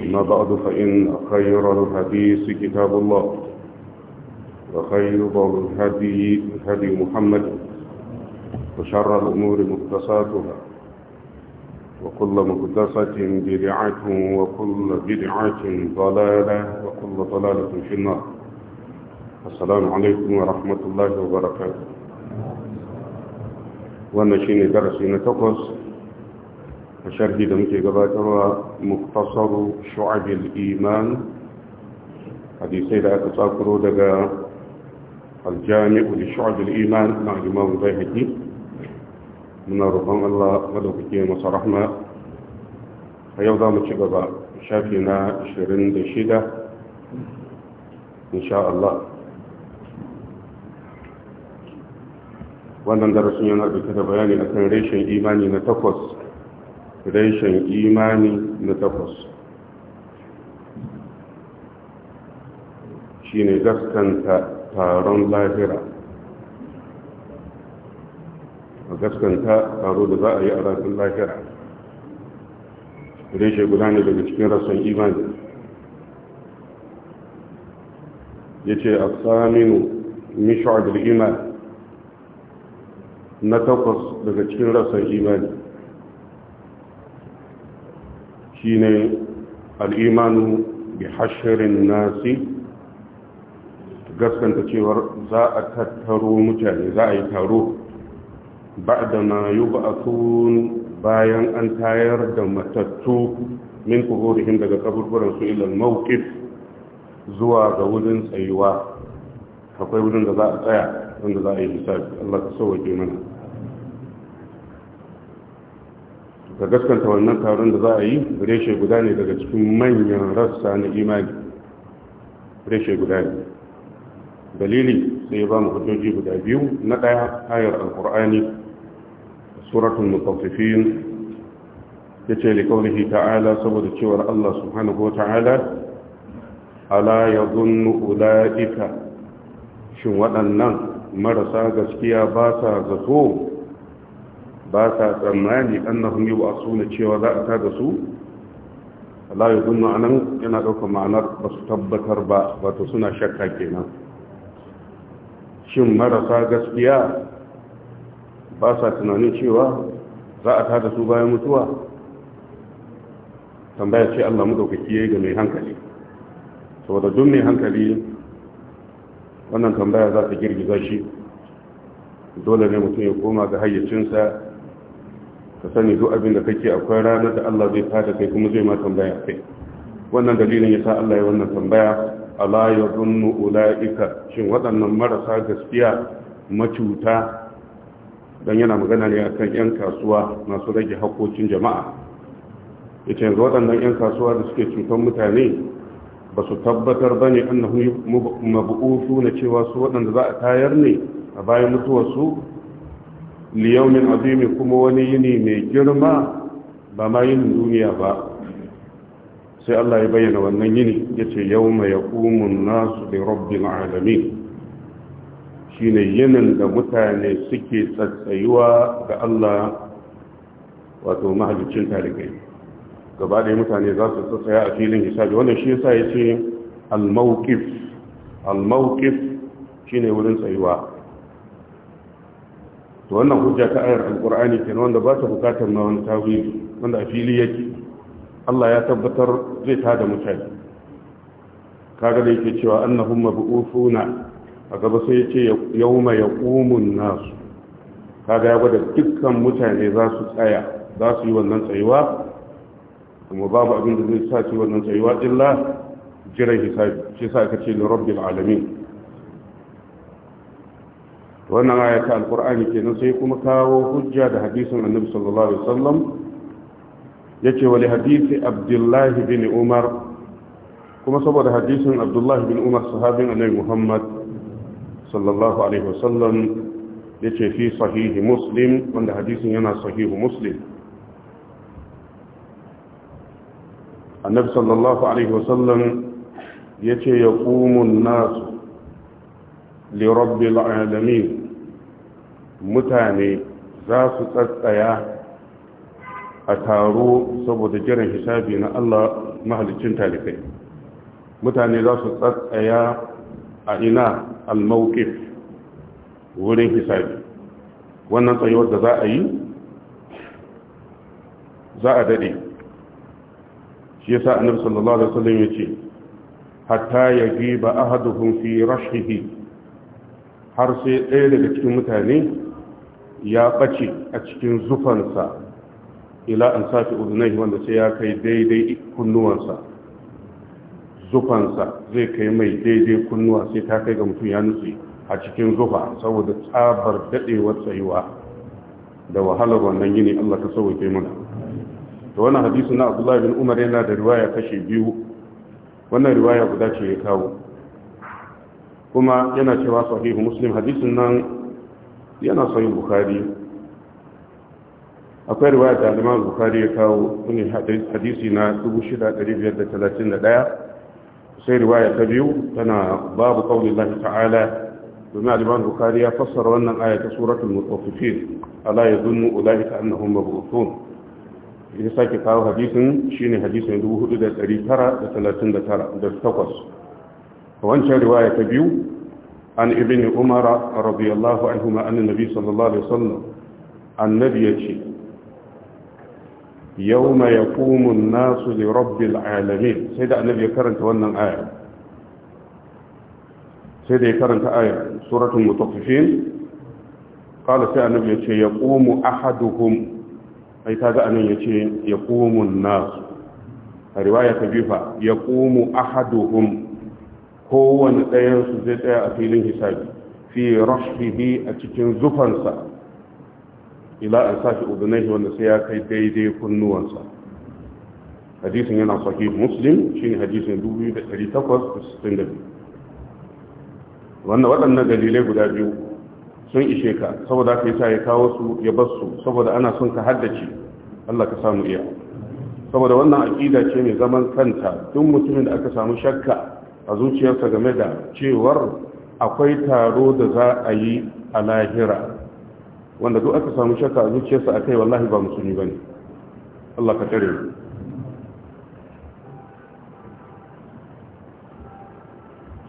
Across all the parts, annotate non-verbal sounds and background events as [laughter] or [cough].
أما بعد فإن خير الحديث كتاب الله وخير الهدي هدي محمد وشر الأمور مقدساتها وكل مقدسة بدعة وكل بدعة ضلالة وكل ضلالة في النار السلام عليكم ورحمة الله وبركاته ونشين درسنا تقص sharhi da muke gabatarwa muktasaru shu'abil iman hadisai da aka tsakuro daga aljami'u da shu'abil iman na imam zahidi muna roƙon Allah madaukake masa rahma a yau za mu ci gaba shafi na 26 insha Allah wannan darasin yana dauke da bayani akan reshen imani na takwas reshen imani na takwas shi ne gaskanta taron lahira a gaskanta taro da za a yi a ranar lahira reshe guda ne daga cikin rasan imani ya ce a saminu mishu iman na takwas daga cikin rasan imani shine al'imanu bi hashirin nasi gaskanta cewar za a tattaro mutane za a yi taro ba da na yi bayan an tayar da matattu min kuhurihim daga kaburburansu ilan mawqif zuwa ga wurin tsayuwa akwai wurin da za a tsaya wanda za a yi misali Allah ka sauke mana ka gaskanta wannan taron da za a yi reshe guda ne daga cikin manyan rassa na imani reshe guda ne dalili sai ya ba mu hujjoji guda biyu na ɗaya ayar alkur'ani suratul mutaffifin yace li qawlihi ta'ala saboda cewar Allah subhanahu wata'ala ala yadhunnu ulaika shin waɗannan marasa gaskiya ba sa zato ba sa tsammani annahum yub'asuna cewa za a ta da su ya yadunnu anan yana ɗauka ma'anar ba su tabbatar ba wato suna shakka kenan shin marasa gaskiya ba sa tunanin cewa za a da su bayan mutuwa tambaya ce allah mu ya yi ga mai hankali saboda duk mai hankali wannan tambaya za ta girgiza shi dole ne mutum ya koma ga hayyacinsa ka sani duk abin da kake akwai ranar da Allah zai tada kai kuma zai ma tambaya kai wannan dalilin ya sa Allah ya wannan tambaya ala ya zunnu ula'ika shin waɗannan marasa gaskiya macuta don yana magana ne akan 'yan kasuwa masu rage haƙoƙin jama'a ya ce yanzu waɗannan 'yan kasuwa da suke cutar mutane ba su tabbatar ba ne annahu mabu'usu na cewa su waɗanda za a tayar ne a bayan mutuwarsu liyaunin azimi kuma wani yini mai girma ba ma yin duniya ba sai Allah ya bayyana wannan yini ya ce yau mai ya kumun da rabbin alamin shi ne yinin da mutane suke tsatsayuwa ga Allah wato mahalicin tarikai gaba ɗaya mutane za su tsatsaya a filin hisabi wannan shi yasa ya ce al-mawqif al-mawqif shine wurin tsayuwa to wannan hujja ta ayar alkur'ani kenan wanda ba ta bukatar na wani tawili wanda a fili yake Allah ya tabbatar zai tada mutane kaga da yake cewa annahum mabu'ufuna a gaba sai ya ce yauma yaqumun nasu kaga ya gwada dukkan mutane za su tsaya za su yi wannan tsayuwa kuma babu abin da zai sa su yi wannan tsayuwa illa jiran hisabi shi sa aka ce rabbil alamin wannan aya ta alqur'ani kenan sai kuma kawo hujja da hadisin annabi sallallahu alaihi wasallam yace wa hadisi Abdullahi bin umar kuma saboda hadisin Abdullahi bin umar sahabin annabi muhammad sallallahu alaihi wasallam yace fi sahihi muslim wanda hadisin yana sahihu muslim annabi sallallahu alaihi wasallam ya ce ya ƙumun nasu mutane za su tsatsaya a taro saboda jiran hisabi na Allah mahalicin talibai mutane za su tsatsaya a ina al-mawqif wurin hisabi wannan tsayuwar da za a yi za a dade shi yasa annabi sallallahu alaihi wasallam yace hatta yajiba ahaduhum fi rashihi har sai ɗaya daga cikin mutane ya ɓace a cikin zufansa ila an safi uzunai wanda sai ya kai daidai kunnuwansa zufansa zai kai mai daidai kunnuwa sai ta kai ga mutum ya nutse a cikin zufa saboda tsabar dadewar tsayuwa da wahalar wannan yini Allah ta sauke mana da wannan hadisi na Abdullah bin Umar yana da riwaya kashi biyu wannan riwaya guda ce ya kawo kuma yana cewa sahihu muslim hadisin nan yana sahih bukhari akwai riwaya da Imam Bukhari ya kawo ne hadisi na 6531 sai riwaya ta biyu tana babu qaulillahi ta'ala domin Imam bukari ya fassara wannan aya ta suratul mutaffifin ala yadhunnu ulaika annahum mab'uthun ya sake kawo hadisin shi ne hadisin 4939 da 38 wancan riwaya ta biyu an ibn umar radiyallahu anhuma an nabi sallallahu alaihi wasallam annabi yace yawma yaqumu an-nasu li rabbil alamin sai da annabi ya karanta wannan aya sai da ya karanta ayar suratul mutaffifin qala sai annabi yace yaqumu ahaduhum ai kaga anan nasu a riwaya ahaduhum kowane ɗayansu zai tsaya a filin hisabi fi rashfihi a cikin zufansa ila an sashi udunaihi wanda sai ya kai daidai kunnuwansa hadisin yana sahih muslim shine hadisin 2862 wannan waɗannan dalilai guda biyu sun ishe ka saboda ka sa ya kawo su ya bar su saboda ana son ka haddace Allah ka samu iya saboda wannan aƙida ce mai zaman kanta duk mutumin da aka samu shakka a zuciyarsa game da cewar akwai taro da za a yi a lahira wanda duk aka samu shaka a zuciyarsa a kai, wallahi ba musulmi ne. Allah ka tare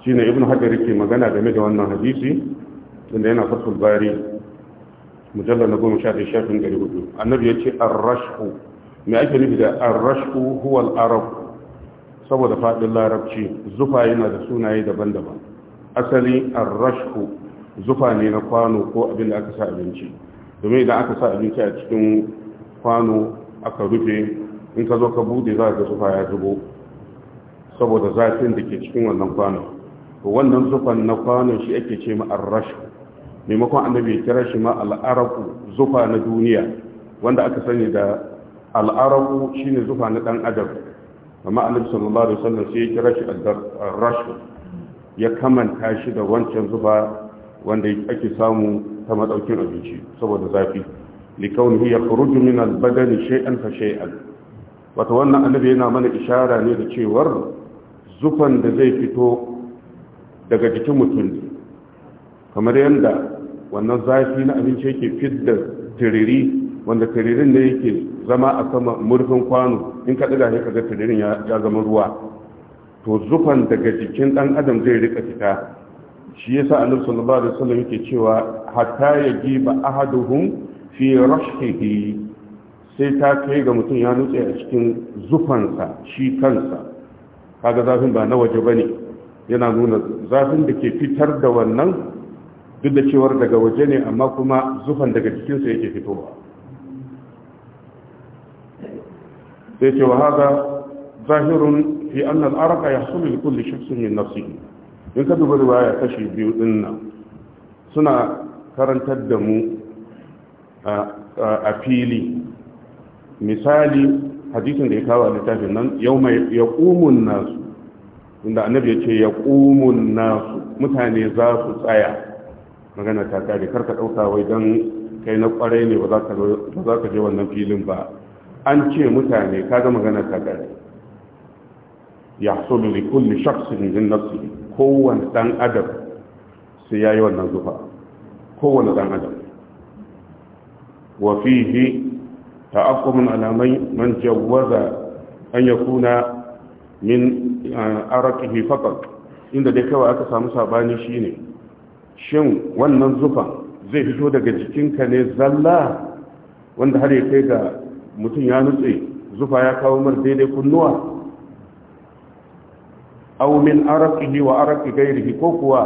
Shi ne Ibn hajar yake magana game da wannan hadisi inda yana fasul bari mujallal na goma sha ɗaya shafin ɗari hudu annabi ya ce arrashu me ake nufi da arrashu huwa huwal arab saboda faɗin larabci zufa yana da sunaye daban-daban asali arrashku zufa ne na kwano ko abin da aka sa abinci domin idan aka sa abinci a cikin kwano aka rufe in ka zo ka bude za ka zufa ya zubo saboda zafin da ke cikin wannan kwano wannan zufan na kwano shi ake ce ma arrashku maimakon annabi ya kira shi ma al'araku zufa na duniya wanda aka sani da al'araku shine zufa na dan adam amma annabi sallallahu alaihi wasallam sai ya kira shi ar-rashu ya kamanta shi da wancan zuba wanda ake samu ta madaukin abinci saboda zafi hiya khuruju min al-badani shay'an fa shay'an wato wannan annabi yana mana ishara ne da cewar zufan da zai fito daga jikin mutum kamar yadda wannan zafi na abinci yake fidda tiriri wanda tiririn ne yake zama a sama murfin kwano in ka ɗaga ka ga tiririn ya zama ruwa to zufan daga jikin ɗan adam zai rika fita shi yasa annabi sallallahu alaihi wasallam yake cewa hatta ba ahaduhum fi rashhihi sai ta kai ga mutum ya nutse a cikin zufansa shi kansa kaga zafin ba na waje bane yana nuna zafin da ke fitar da wannan duk da cewar daga waje ne amma kuma zufan daga jikinsa yake fitowa sai ce wa haza zahirun fi annal al-arqa yahsulu li kulli shakhsin min nafsihi in ka duba riwaya kashi biyu dinnan suna karantar da mu a fili misali hadisin da ya kawo littafin nan yau mai ya inda annabi ya ce ya ƙumun nasu mutane za su tsaya magana ta kare karka ɗauka wai don kai na ƙwarai ne ba za ka je wannan filin ba an ce mutane ka magana ta gare ya sulu da kulli shakhsin jin nafsihi kowanne dan adam sai yayi wannan zufa kowanne dan adam wa ta ta'aqqum alamai man jawwaza an ya kuna min arakihi faqat inda dai kawai aka samu sabani shine shin wannan zufan zai fito daga jikinka ne zalla wanda har ya kai ga mutum ya nutse zufa ya kawo mar daidai kunnuwa aw min araqihi wa araqi ghairihi ko kuwa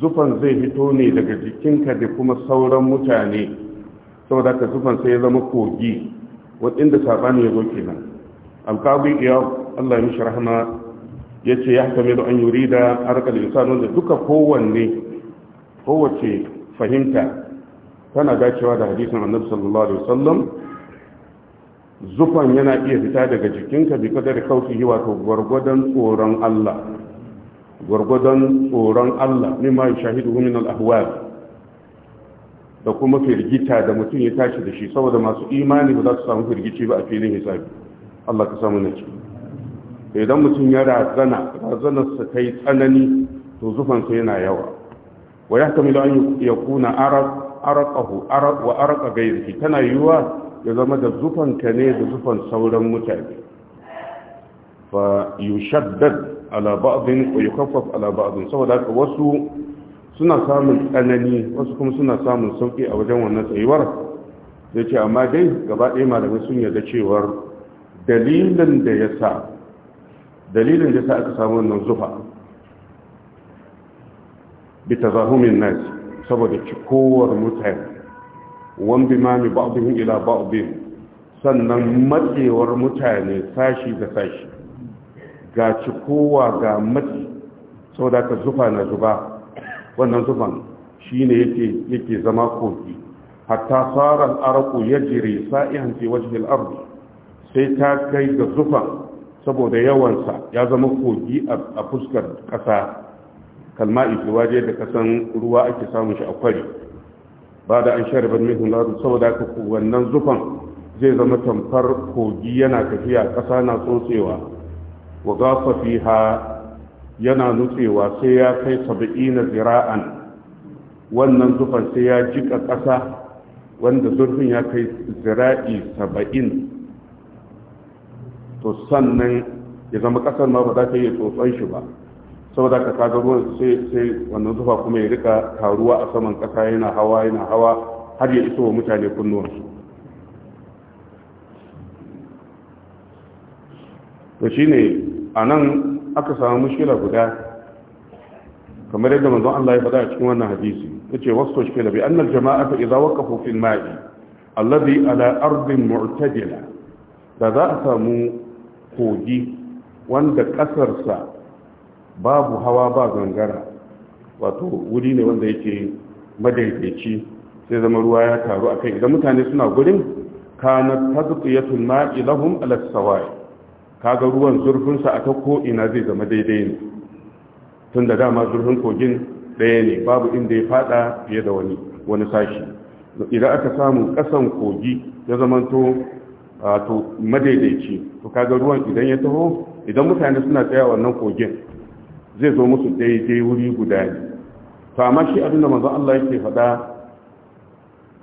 zufan zai fito ne daga jikinka da kuma sauran mutane saboda ka zufan sai ya zama kogi wadinda sabani ya zo kenan alqabi ya Allah ya rahama yace ya da an yurida arqal insanu da duka kowanne kowace fahimta tana dacewa da hadisin annabi sallallahu alaihi wasallam zufan yana iya fita daga jikinka bi kadar yi wato gwargwadon tsoron Allah gwargwadon tsoron Allah mimma shahidu min al da kuma firgita da mutum ya tashi da shi saboda masu imani ba za su samu firgici ba a filin hisabi Allah ka samu naci idan mutum ya razana razanarsa ta yi tsanani to zufansa yana yawa wa ya kamilu an ya kuna wa araqahu araq wa tana yiwuwa ya zama da zufan ne da zufan sauran mutane fa yushaddad ala ba'din wa yukaffaf ala ba'din saboda haka wasu suna samun tsanani wasu kuma suna samun sauki a wajen wannan tsayuwar sai ce amma dai gaba ɗaya malamai sun yarda cewar dalilin da ya sa dalilin da ya sa aka samu wannan zufa bi tazahumin nas saboda cikowar mutane wan bimami ba'dihim ila ba'dihim sannan matsewar mutane sashi da sashi ga kowa ga matsi sau da ka zufa na zuba wannan zufan shi ne yake zama kogi hatta tsarar araku ya jire sa'ihan ce wajen al'arbi sai ta kai ga zufan saboda yawansa ya zama kogi a fuskar ƙasa kalma waje da kasan ruwa ake samun shi a kwari ba da an ban mai hunaru saboda haka wannan zufan zai zama tamfar kogi yana tafiya ƙasa na tsotsewa wa gasa fiha yana nutsewa sai ya kai na zira'an wannan zufan sai ya jika ƙasa wanda zurfin ya kai zira'i saba'in to sannan ya zama ƙasar ma ba za ta iya tsotson shi ba saboda ka kaga ruwan sai sai wannan zufa kuma ya rika taruwa a saman kasa yana hawa yana hawa har ya iso wa mutane kunnuwansu to shine a nan aka samu mushkila guda kamar yadda manzon Allah ya faɗa a cikin wannan hadisi yace wasu shkila bi annal jama'ata idza waqafu fil ma'i alladhi ala ardin mu'tadila da za a samu kogi wanda kasarsa babu hawa ba gangara wato wuri ne wanda yake madaidaici sai zama ruwa ya taru akai idan mutane suna gurin kana tadqiyatul ma'i lahum ala sawai kaga ruwan zurfin sa ata ko ina zai zama daidai ne tunda dama zurfin kogin daya ne babu inda ya fada fiye da wani wani sashi idan aka samu kasan kogi ya zamanto to madaidaici to kaga ruwan idan ya taho idan mutane suna tsaya wannan kogin zai zo musu daidai wuri guda ne to amma shi abin da manzo Allah yake faɗa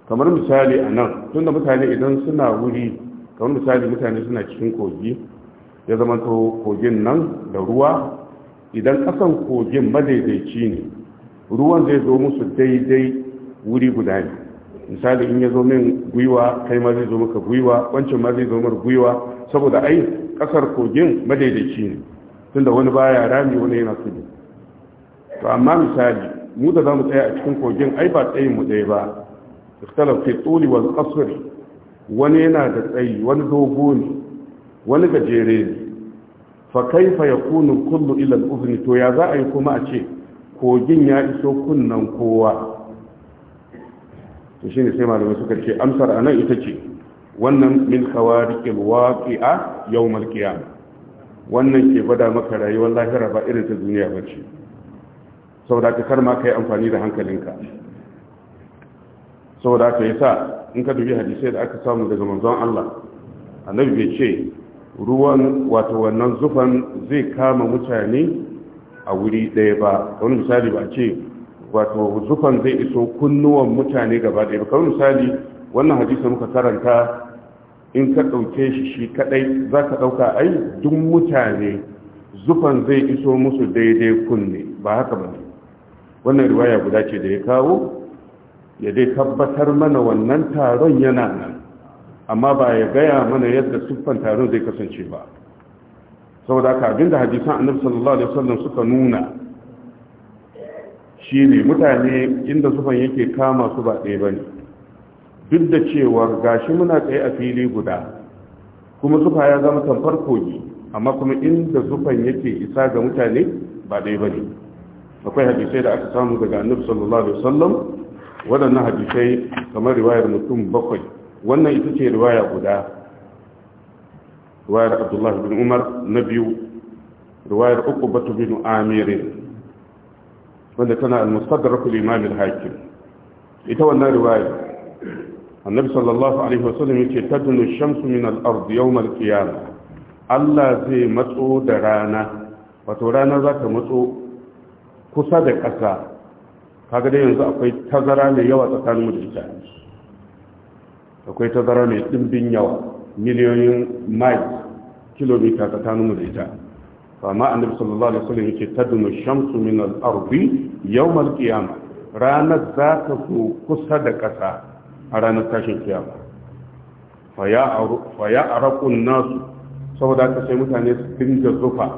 kamar misali anan, tunda mutane idan suna wuri kamar misali mutane suna cikin kogi ya zama to kogin nan da ruwa idan kasan kogin madaidaici ne ruwan zai zo musu daidai wuri guda ne misali in ya zo min gwiwa kai ma zai zo maka gwiwa wancan ma zai zo mar gwiwa saboda ai ƙasar kogin madaidaici ne tunda wani baya rami wani yana tudu to amma misali mu da zamu tsaya a cikin kogin ai ba tsayin mu ɗaya ba ikhtalaf fi tuli wal qasr wani yana da tsayi wani dogo ne wani gajere ne fa kaifa yakunu kullu ila al-udhni to ya za a yi kuma a ce kogin ya iso kunnan kowa to shine sai malamai suka ce amsar anan ita ce wannan min khawariqil waqi'a yawm al-qiyamah wannan ke gwada maka rayuwar lahira ba irin ta duniya ba ce da ka karma ma ka yi amfani da hankalinka Sau da ka yi sa in ka dubi hadisai da aka samu daga manzon Allah annabi bai ce ruwan wato wannan zufan zai kama mutane a wuri ɗaya ba wani misali ba ce wato zufan zai iso kunnuwan mutane gaba ɗaya ba kawai misali wannan hadisa muka karanta in ka ɗauke shi shi kaɗai za ka ɗauka ai duk mutane zufan zai iso musu daidai kunne ba haka ba wannan riwaya guda ce da ya kawo ya dai tabbatar mana wannan taron yana nan amma ba ya gaya mana yadda siffan taron zai kasance ba saboda haka abinda hadisan annabi sallallahu alaihi wasallam suka nuna shine mutane inda zufan yake kama su ba ɗaya bane duk da cewar gashi muna tsaye a fili guda kuma zufa ya zama tamfar kogi amma kuma inda zufan yake isa ga mutane ba dai bane akwai hadisai da aka samu daga annabi sallallahu alaihi wasallam waɗannan hadisai kamar riwayar mutum bakwai wannan ita ce riwaya guda riwayar abdullahi bin umar na biyu riwayar uku batu bin amirin wanda tana al-mustadrak al-imam al-hakim ita wannan riwaya annabi sallallahu alaihi wasallam yake tadunu shamsu min al-ard yawm al-qiyamah Allah zai matso da rana wato rana za ta matso kusa da ƙasa kaga dai yanzu akwai tazara mai yawa tsakanin mutunta akwai tazara mai dimbin yawa miliyoyin miles kilomita tsakanin mutunta amma annabi sallallahu alaihi wasallam yake tadunu shamsu min al ard yawm al-qiyamah ranar za ta so kusa da ƙasa a ranar tashin kiyama fa ya arakun nasu saboda aka sai mutane su dinga zufa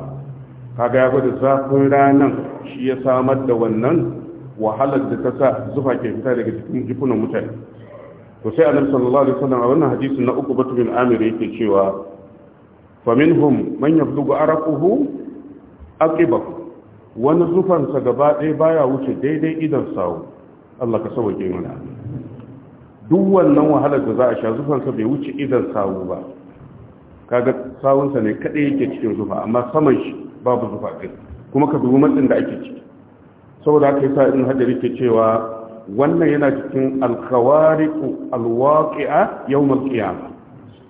kaga ya gwada zafin ranar shi ya samar da wannan wahalar da ta sa zufa ke fita daga cikin jikunan mutane to sai annabi sallallahu alaihi wasallam a wannan hadisi na uku batu bin amir yake cewa fa minhum man yabdugu araquhu aqibahu wani zufansa gaba ɗaya baya wuce daidai idan sawo Allah ka sauke mana duk wannan wahalar da za a sha zufansa bai wuce idan sawu ba kaga sawunsa ne kaɗai yake cikin zufa amma saman shi babu zufa kai kuma ka dubi matsin da ake ciki saboda haka yasa ibn hajar yake cewa wannan yana cikin alkhawariqu alwaqi'a yawm alqiyama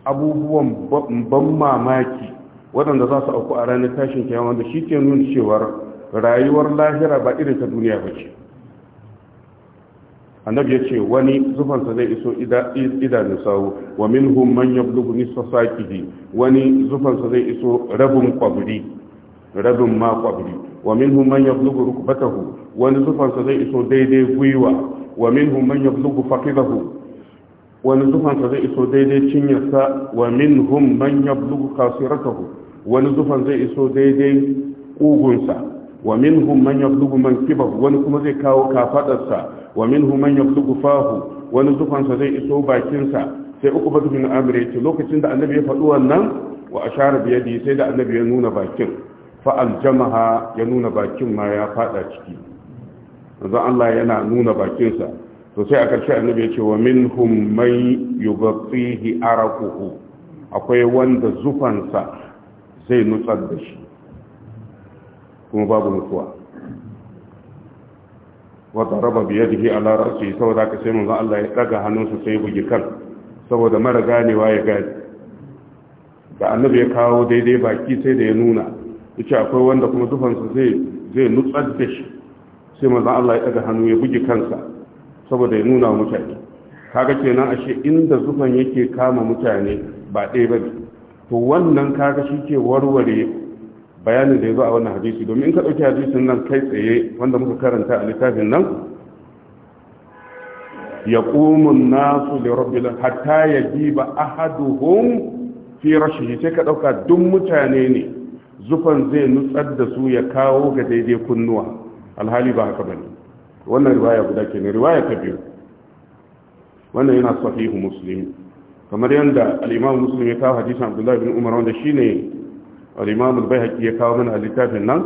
abubuwan ban mamaki waɗanda za su auku a ranar tashin kiyama da shi ke nuna cewar rayuwar lahira ba irin ta duniya ba ce annabi ya ce wani zufansa zai iso idanun sawu wa minhum man yablughu nisfa saqihi wani zufansa zai iso rabin kwabiri rabin ma kwabiri wa minhum man yablughu rukbatahu wani zufansa zai iso daidai gwiwa wa minhum man yablughu faqidahu wani zufansa zai iso daidai cinyarsa wa minhum man yablughu kasiratahu wani zufan zai iso daidai kugunsa wa minhum man yablughu wani kuma zai kawo kafadarsa wa minhu man yablugu fahu wani zufansa zai iso bakinsa sai uku ba bin amir ce lokacin da annabi ya faɗi wannan wa ashara bi yadi sai da annabi ya nuna bakin fa aljamaha ya nuna bakin ma ya fada ciki manzo Allah yana nuna bakinsa to sai a karshe annabi ya ce wa minhum man yubtihi araquhu akwai wanda zufansa zai nutsar da shi kuma babu mutuwa wa daraba bi yadihi ala ra'si saboda ka sai manzo Allah ya daga hannunsa sai bugi kan saboda mara ganewa ya gane da annabi ya kawo daidai baki sai da ya nuna yace akwai wanda kuma dufansa zai zai nutsar da shi sai manzo Allah ya daga hannu ya bugi kansa saboda ya nuna wa mutane kaga kenan ashe inda zufan yake kama mutane ba ɗaya ba to wannan kaga shi ke warware bayanin da ya zo a wannan hadisi domin in ka ɗauki hadisin nan kai tsaye wanda muka karanta a littafin nan ya kuma nasu da rabbila hatta ya ba hun fi rashihi sai ka ɗauka duk mutane ne zufan zai nutsar da su ya kawo ga daidai kunnuwa alhali ba haka bane wannan riwaya guda ke ne, riwaya ta biyu wannan yana sahihu muslim kamar yadda al musulmi muslim ya kawo hadisin abdullahi bin umar wanda ne. al bai al ya kawo mana a littafin nan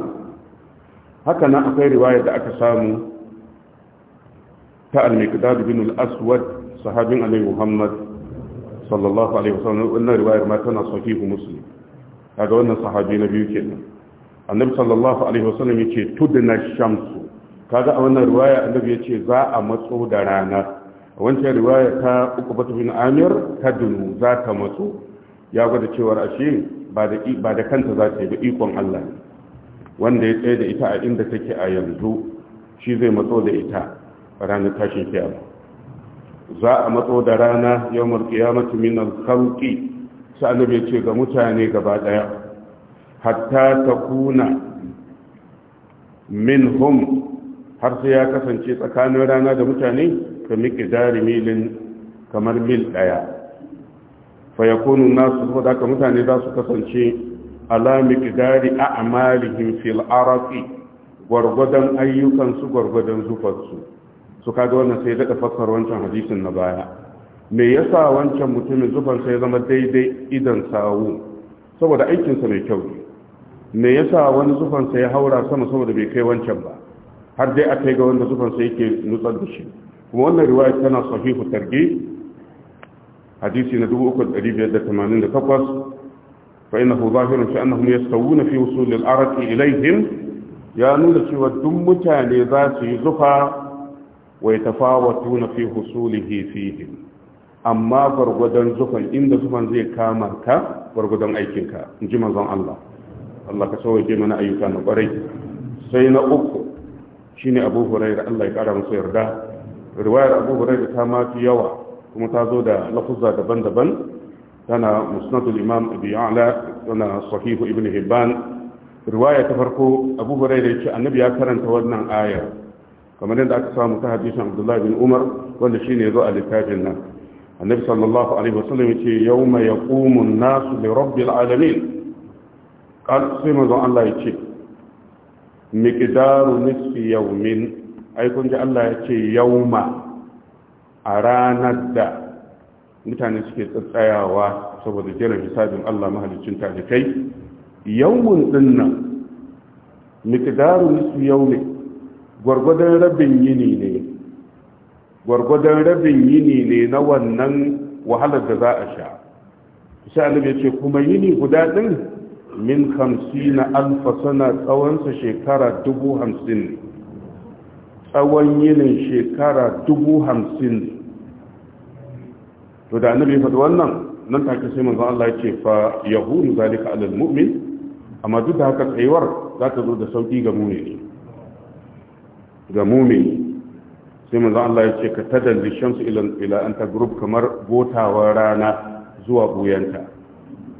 haka nan akwai riwaya da aka samu ta al-miqdad bin al-aswad sahabin annabi muhammad sallallahu alaihi wasallam wannan riwayar ma tana sahihu a ga wannan sahabi na biyu ke nan annabi sallallahu alaihi wasallam yace tudna shamsu kaga a wannan riwaya annabi ce za a matso da rana wancan riwaya ta uku batu bin amir ta dunu za ta matso ya gwada cewar ashe ba da kanta za ta yi ba ikon Allah wanda ya tsaye da ita a inda take a yanzu shi zai matso da ita ranar tashin kiyama za a matso da rana ya kiyamati min al-khalqi annabi ce ga mutane gaba daya hatta ta kuna min hum har sai ya kasance tsakanin rana da mutane ka miƙi dari milin kamar mil ɗaya fa yakunu nasu saboda haka mutane za su kasance ala miqdari a'malihim fil gurgudan gwargwadon ayyukansu gwargwadon zufarsu su kaga wannan sai da fassara wancan hadisin na baya me yasa wancan mutumin zufansa ya zama daidai idan sawu saboda aikinsa mai kyau me yasa wani zufansa ya haura sama saboda bai kai wancan ba har dai a kai ga wanda zufansa yake nutsar da shi kuma wannan riwaya tana sahihu targhib hadisi na 3588 فإنه ظاهر في أنهم يستوون في وصول الأرق إليهم يا نولة والدم تالي ذات زفا ويتفاوتون في حصوله فيهم أما برغدن زفا إن زفا زي كامرك برغدن أيكنك نجم زن الله الله كسوي جمنا أيوكا نبري سينا أكو شيني أبو هريرة الله يكرم سيردا رواية أبو هريرة كما في يوم kuma ta zo da lafuzza daban-daban tana musnadul imam abi ya'la tana sahihu ibn hibban riwaya ta farko abu hurairah yace annabi ya karanta wannan aya kamar yadda aka samu ta hadisin abdullahi bin umar wanda shine zo a littafin nan annabi sallallahu alaihi wasallam yace yawma yaqumu an-nasu li rabbil alamin qal sai manzo Allah yace miqdaru nisfi yawmin ai kun ji Allah yace yawma a ranar da mutane suke tsatsayawa saboda jiran hisabin Allah mahalicin talikai yawun dinnan miqdaru yau ne gwargwadon rabin yini ne gwargwadon rabin yini ne na wannan wahalar da za a sha sai annabi ya ce kuma yini guda din min 50 alfa sana tsawonsa shekara dubu hamsin ne tsawon yinin shekara dubu hamsin to da annabi ya faɗi wannan nan take sai manzon Allah ya ce fa yahunu zalika alal mu'min amma duk da haka tsayuwar za ta zo da sauki ga mumini ga mumini sai manzon Allah ya ce ka tadalli shamsu ila ila anta group kamar gotawar rana zuwa buyanta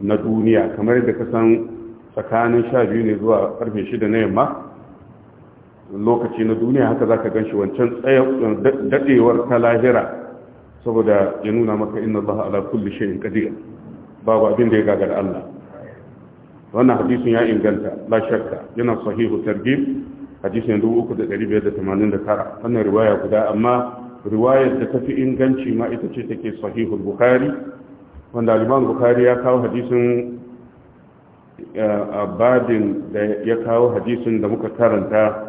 na duniya kamar yadda ka san tsakanin 12 ne zuwa karfe 6 na yamma lokaci na duniya haka za ka ganshi wancan daɗewar ta lahira saboda ya nuna maka inna Allah ala kulli shay'in qadir babu abin da ya gagara Allah wannan hadisin ya inganta la shakka yana sahihu targhib hadisin 3589 wannan riwaya guda amma riwayar da tafi inganci ma ita ce take sahihu bukhari wanda al-imam bukhari ya kawo hadisin eh, Abadin da ya kawo hadisin da muka karanta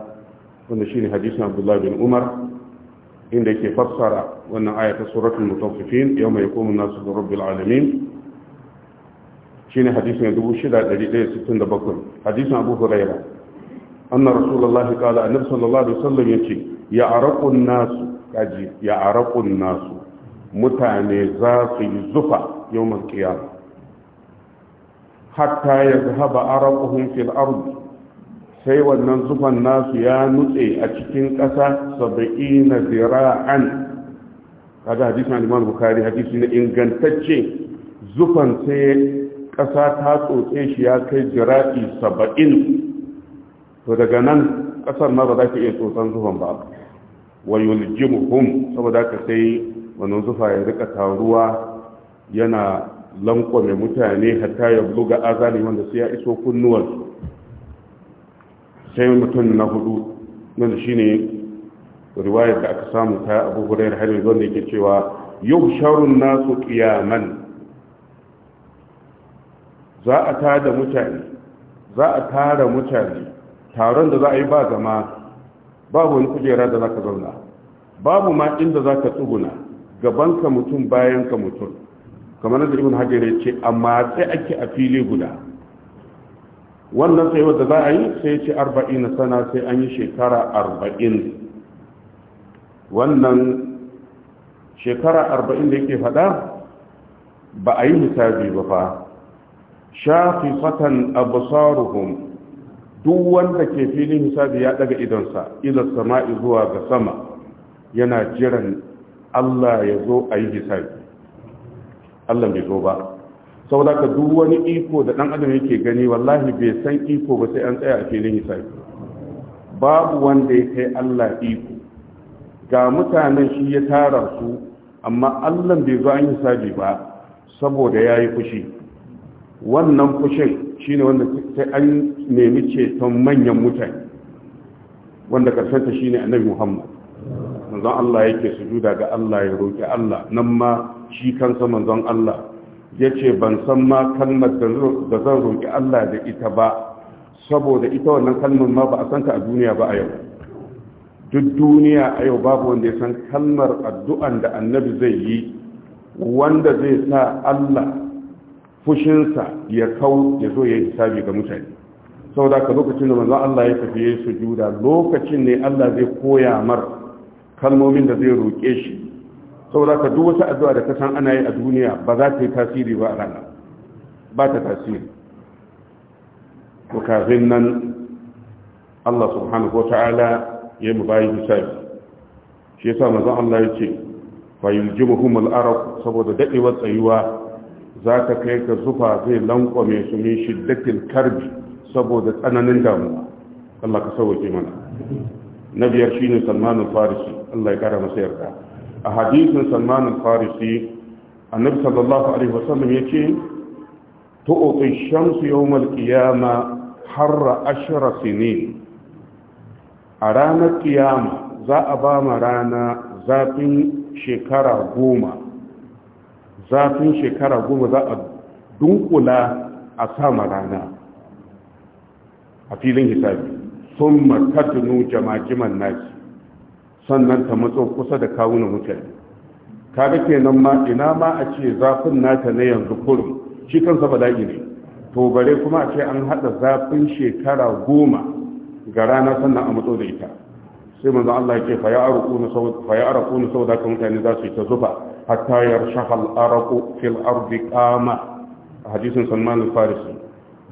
wanda shine hadisin Abdullah bin Umar inda yake fassara wannan aya ta suratul mutaffifin yawma yaqumu an-nasu li rabbil alamin shine hadisin 6167 hadisin Abu Hurairah anna rasulullahi qala annabi sallallahu alaihi wasallam yace ya araqun nasu kaji ya araqun nasu mutane za su yi zufa yawmal qiyamah hatta yazhaba araquhum fil ardi sai wannan zufan nasu ya nutse a cikin ƙasa saba'i na zira'an Kada hadisin al-imam hadisi na ingantacce zufan sai ƙasa ta tsotse shi ya kai jira'i saba'in to daga nan ƙasar ma ba za ta iya tsotsan zufan ba wa yuljimuhum saboda ka sai wannan zufa ya rika taruwa yana lankwame mutane hatta ya buga azali wanda sai ya iso kunnuwansu sai mutum na hudu shi ne riwayar da aka samu ta abu hurairu har yanzu wanda yake cewa yau sharun nasu kiyaman za a tada mutane za a tara mutane taron da za a yi ba zama babu wani kujera da za ka zauna babu ma inda za ka tsuguna gabanka mutum bayanka mutum kamar da ibn hajar ya ce amma sai ake a fili guda wannan sai wadda za a yi sai ce arba'in sana sai an yi shekara arba'in wannan shekara arba'in da yake fada ba a yi hisabi ba fa shafi fatan abusaruhum duk wanda ke filin hisabi ya daga idonsa ila sama'i zuwa ga sama yana jiran Allah ya zo a yi hisabi Allah bai zo ba saboda ka duk wani iko da dan adam yake gani wallahi bai san iko ba sai an tsaya a filin hisabi babu wanda ya kai Allah iko ga mutanen shi ya tarar su amma Allah bai zo an hisabi ba saboda yayi fushi wannan fushin shine wanda sai an nemi ceton manyan mutane wanda karshen ta shine annabi Muhammad manzon Allah yake sujuda ga Allah ya roki Allah nan ma shi kansa manzon Allah ya ce ban san ma kalmar da zan roƙi Allah da ita ba saboda ita wannan kalmar ma ba a santa a duniya ba a yau duk duniya a yau babu wanda ya san kalmar addu'an da annabi zai yi wanda zai sa Allah fushinsa ya kau ya zo ya yi hisabi ga mutane saboda ka lokacin da manzon Allah ya tafi ya sujuda lokacin ne Allah zai koya mar kalmomin da zai roƙe shi saboda ka duk wata addu'a da ka san ana yi a duniya ba za ta yi tasiri ba a rana ba ta tasiri kafin nan Allah subhanahu wa ta'ala ya mu bayi hisabi shi yasa manzon Allah yace fa yuljimuhum al-araq saboda dadewar tsayuwa za ta kai ka zufa zai lankwame su min shiddatil karbi saboda tsananin damuwa Allah ka sauke mana na biyar shine Salman al-Farisi Allah ya kara masa yarda a hadisin salman farisi annabi sallallahu alaihi wasallam yace tu'ti shamsu yawm al-qiyama harra ashra sinin a ranar kiyama za a ba ma rana zafin shekara goma zafin shekara goma za a dunkula a sama rana a filin hisabi sun makadunu jiman nasi sannan ta matso kusa da kawunan mutane kaga kenan ma ina ma a ce zafin nata na yanzu kurum shi kansa bala'i ne to bare kuma a ce an haɗa zafin shekara goma ga rana sannan a matso da ita sai manzo Allah ya ce fa ya'raquna sawd fa mutane za su yi ta zufa hatta yarshaha al-araqu fil ardi qama hadisin Salman al-Farisi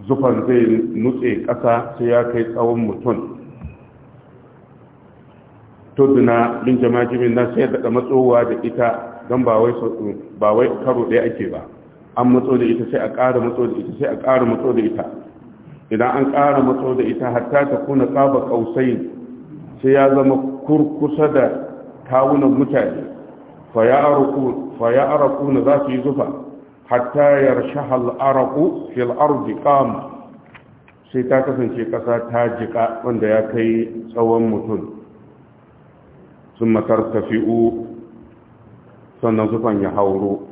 zufan zai nutse ƙasa sai ya kai tsawon mutum tuduna bin jama'ajibin nan sai daga matsowa da ita don ba wai karo ɗaya ake ba an matso da ita sai a ƙara matso da ita sai a ƙara matso da ita idan an ƙara matso da ita hatta ta kuna tsaba ƙausai sai ya zama kurkusa da tawunan mutane fa ya araku na za su yi zufa hatta ya rasha al'araku fil arzi kama sai ta kasance ƙasa ta jika wanda ya kai tsawon mutum sun matartafi'u sannan zufan ya hauro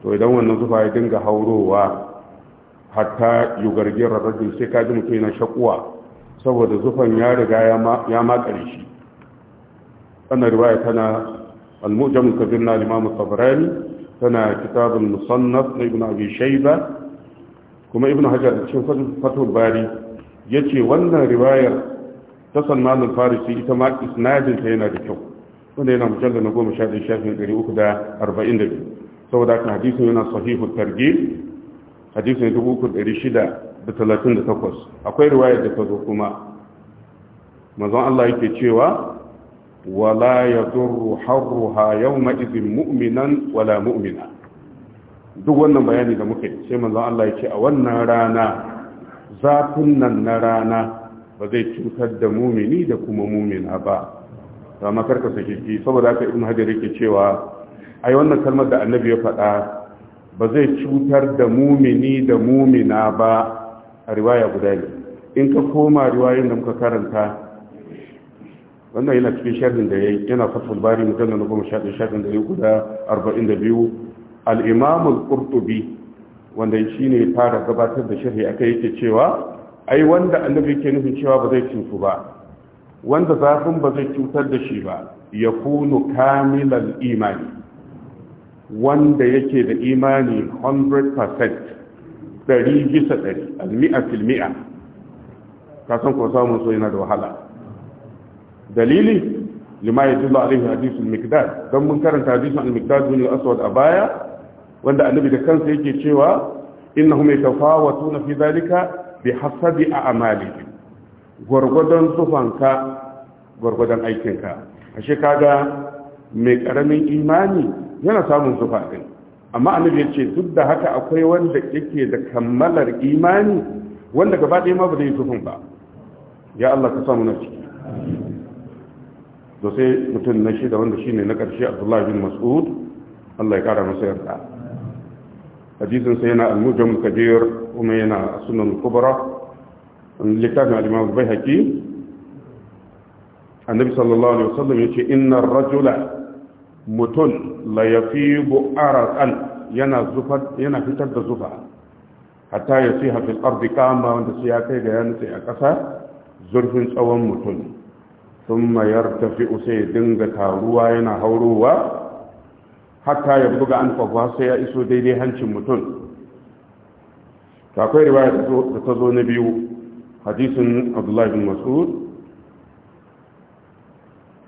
to idan wannan zufa ya dinga haurowa hatta yi yugargin rarrabin sai kaji mutum yana shakuwa saboda zufan ya riga ya makare shi wannan riwaya tana al-mu'jam kabir na limamu tabarani tana kitabin musannaf na ibn abi shayba kuma ibn hajar cikin fatul bari Ya ce wannan riwayar ta salman al-farisi ita ma isnadin ta yana da kyau wanda yana mujalla na goma sha ɗaya shafin ɗari uku da arba'in da biyu saboda haka hadisin yana sahihun targi hadisin dubu uku ɗari shida da talatin da takwas akwai riwayar da ta zo kuma mazan Allah yake cewa wala ya zurru harruha yau ma'izin mu'minan wala mu'mina duk wannan bayani da muke sai mazan Allah ya ce a wannan rana zafin nan na rana ba zai cutar da mumini da kuma mumina ba ba makarka su jiki saboda haka ibn hajar yake cewa ai wannan kalmar da annabi ya faɗa ba zai cutar da mumini da mumina ba a riwaya guda ne in ka koma riwayoyin da muka karanta wannan yana cikin sharhin da yayi yana fatul bari mujallal na goma sha ɗaya sharhin da ya guda arba'in da biyu al-imam al-qurtubi wanda shine fara gabatar da sharhi akai yake cewa ai wanda annabi yake nufin cewa ba zai cutu ba wanda zafin ba zai cutar da shi ba ya kunu kamilan imani wanda yake da imani 100% ɗari bisa ɗari almi'a filmi'a kasan ko samun so yana da wahala dalili lima ya dillo alaihi hadisul mikdad don mun karanta hadisul al-mikdad bin aswad a baya wanda annabi da kansa yake cewa innahum yatafawatuna fi dhalika bi hasabi a amali gwargwadon zufanka gwargwadon aikinka ashe kaga mai karamin imani yana samun zufa din amma annabi yace duk da haka akwai wanda yake da kammalar imani wanda gaba ɗaya ma ba zai zufin ba ya Allah ka samu na ciki to sai mutum na shida wanda shine na ƙarshe Abdullah bin Mas'ud Allah ya kara masa yarda hadisin sai yana al-mujam kabir kuma yana sunan kubra littafin al-imam bai annabi sallallahu alaihi wasallam yace innar rajula mutun la yafibu arqan yana zufa yana fitar da zufa hatta yasiha fil ardi kama wanda sai kai ga ya nutse a ƙasa zurfin tsawon mutum thumma yartafi sai dinga taruwa yana haurowa hatta ya buga an sai ya iso daidai hancin mutum akwai riwaya da ta zo na biyu hadisin abdullahi bin mas'ud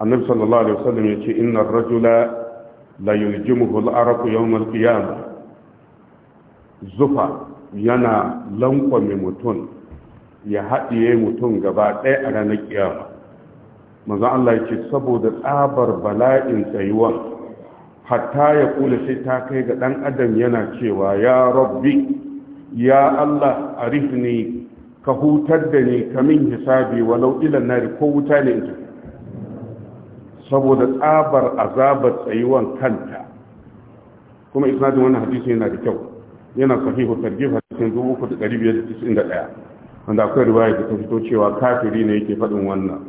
annabi sallallahu alaihi wasallam ya ce inna rajula la yuljimuhu al-araqu yawm al-qiyamah zufa yana lankwame mutum ya haɗiye mutum gaba ɗaya a ranar ƙiyama maza Allah ya ce saboda tsabar bala'in tsayuwa hatta ya kula sai ta kai ga ɗan adam yana cewa ya rabbi ya Allah a arifni ka hutar da ni ka min hisabi walau ilan nari ko wuta ne in saboda tsabar azabar tsayuwan kanta kuma isnadin wannan hadisi yana da kyau yana sahihu tarjih hadisin 3591 wanda akwai riwaya da ta fito cewa kafiri ne yake faɗin wannan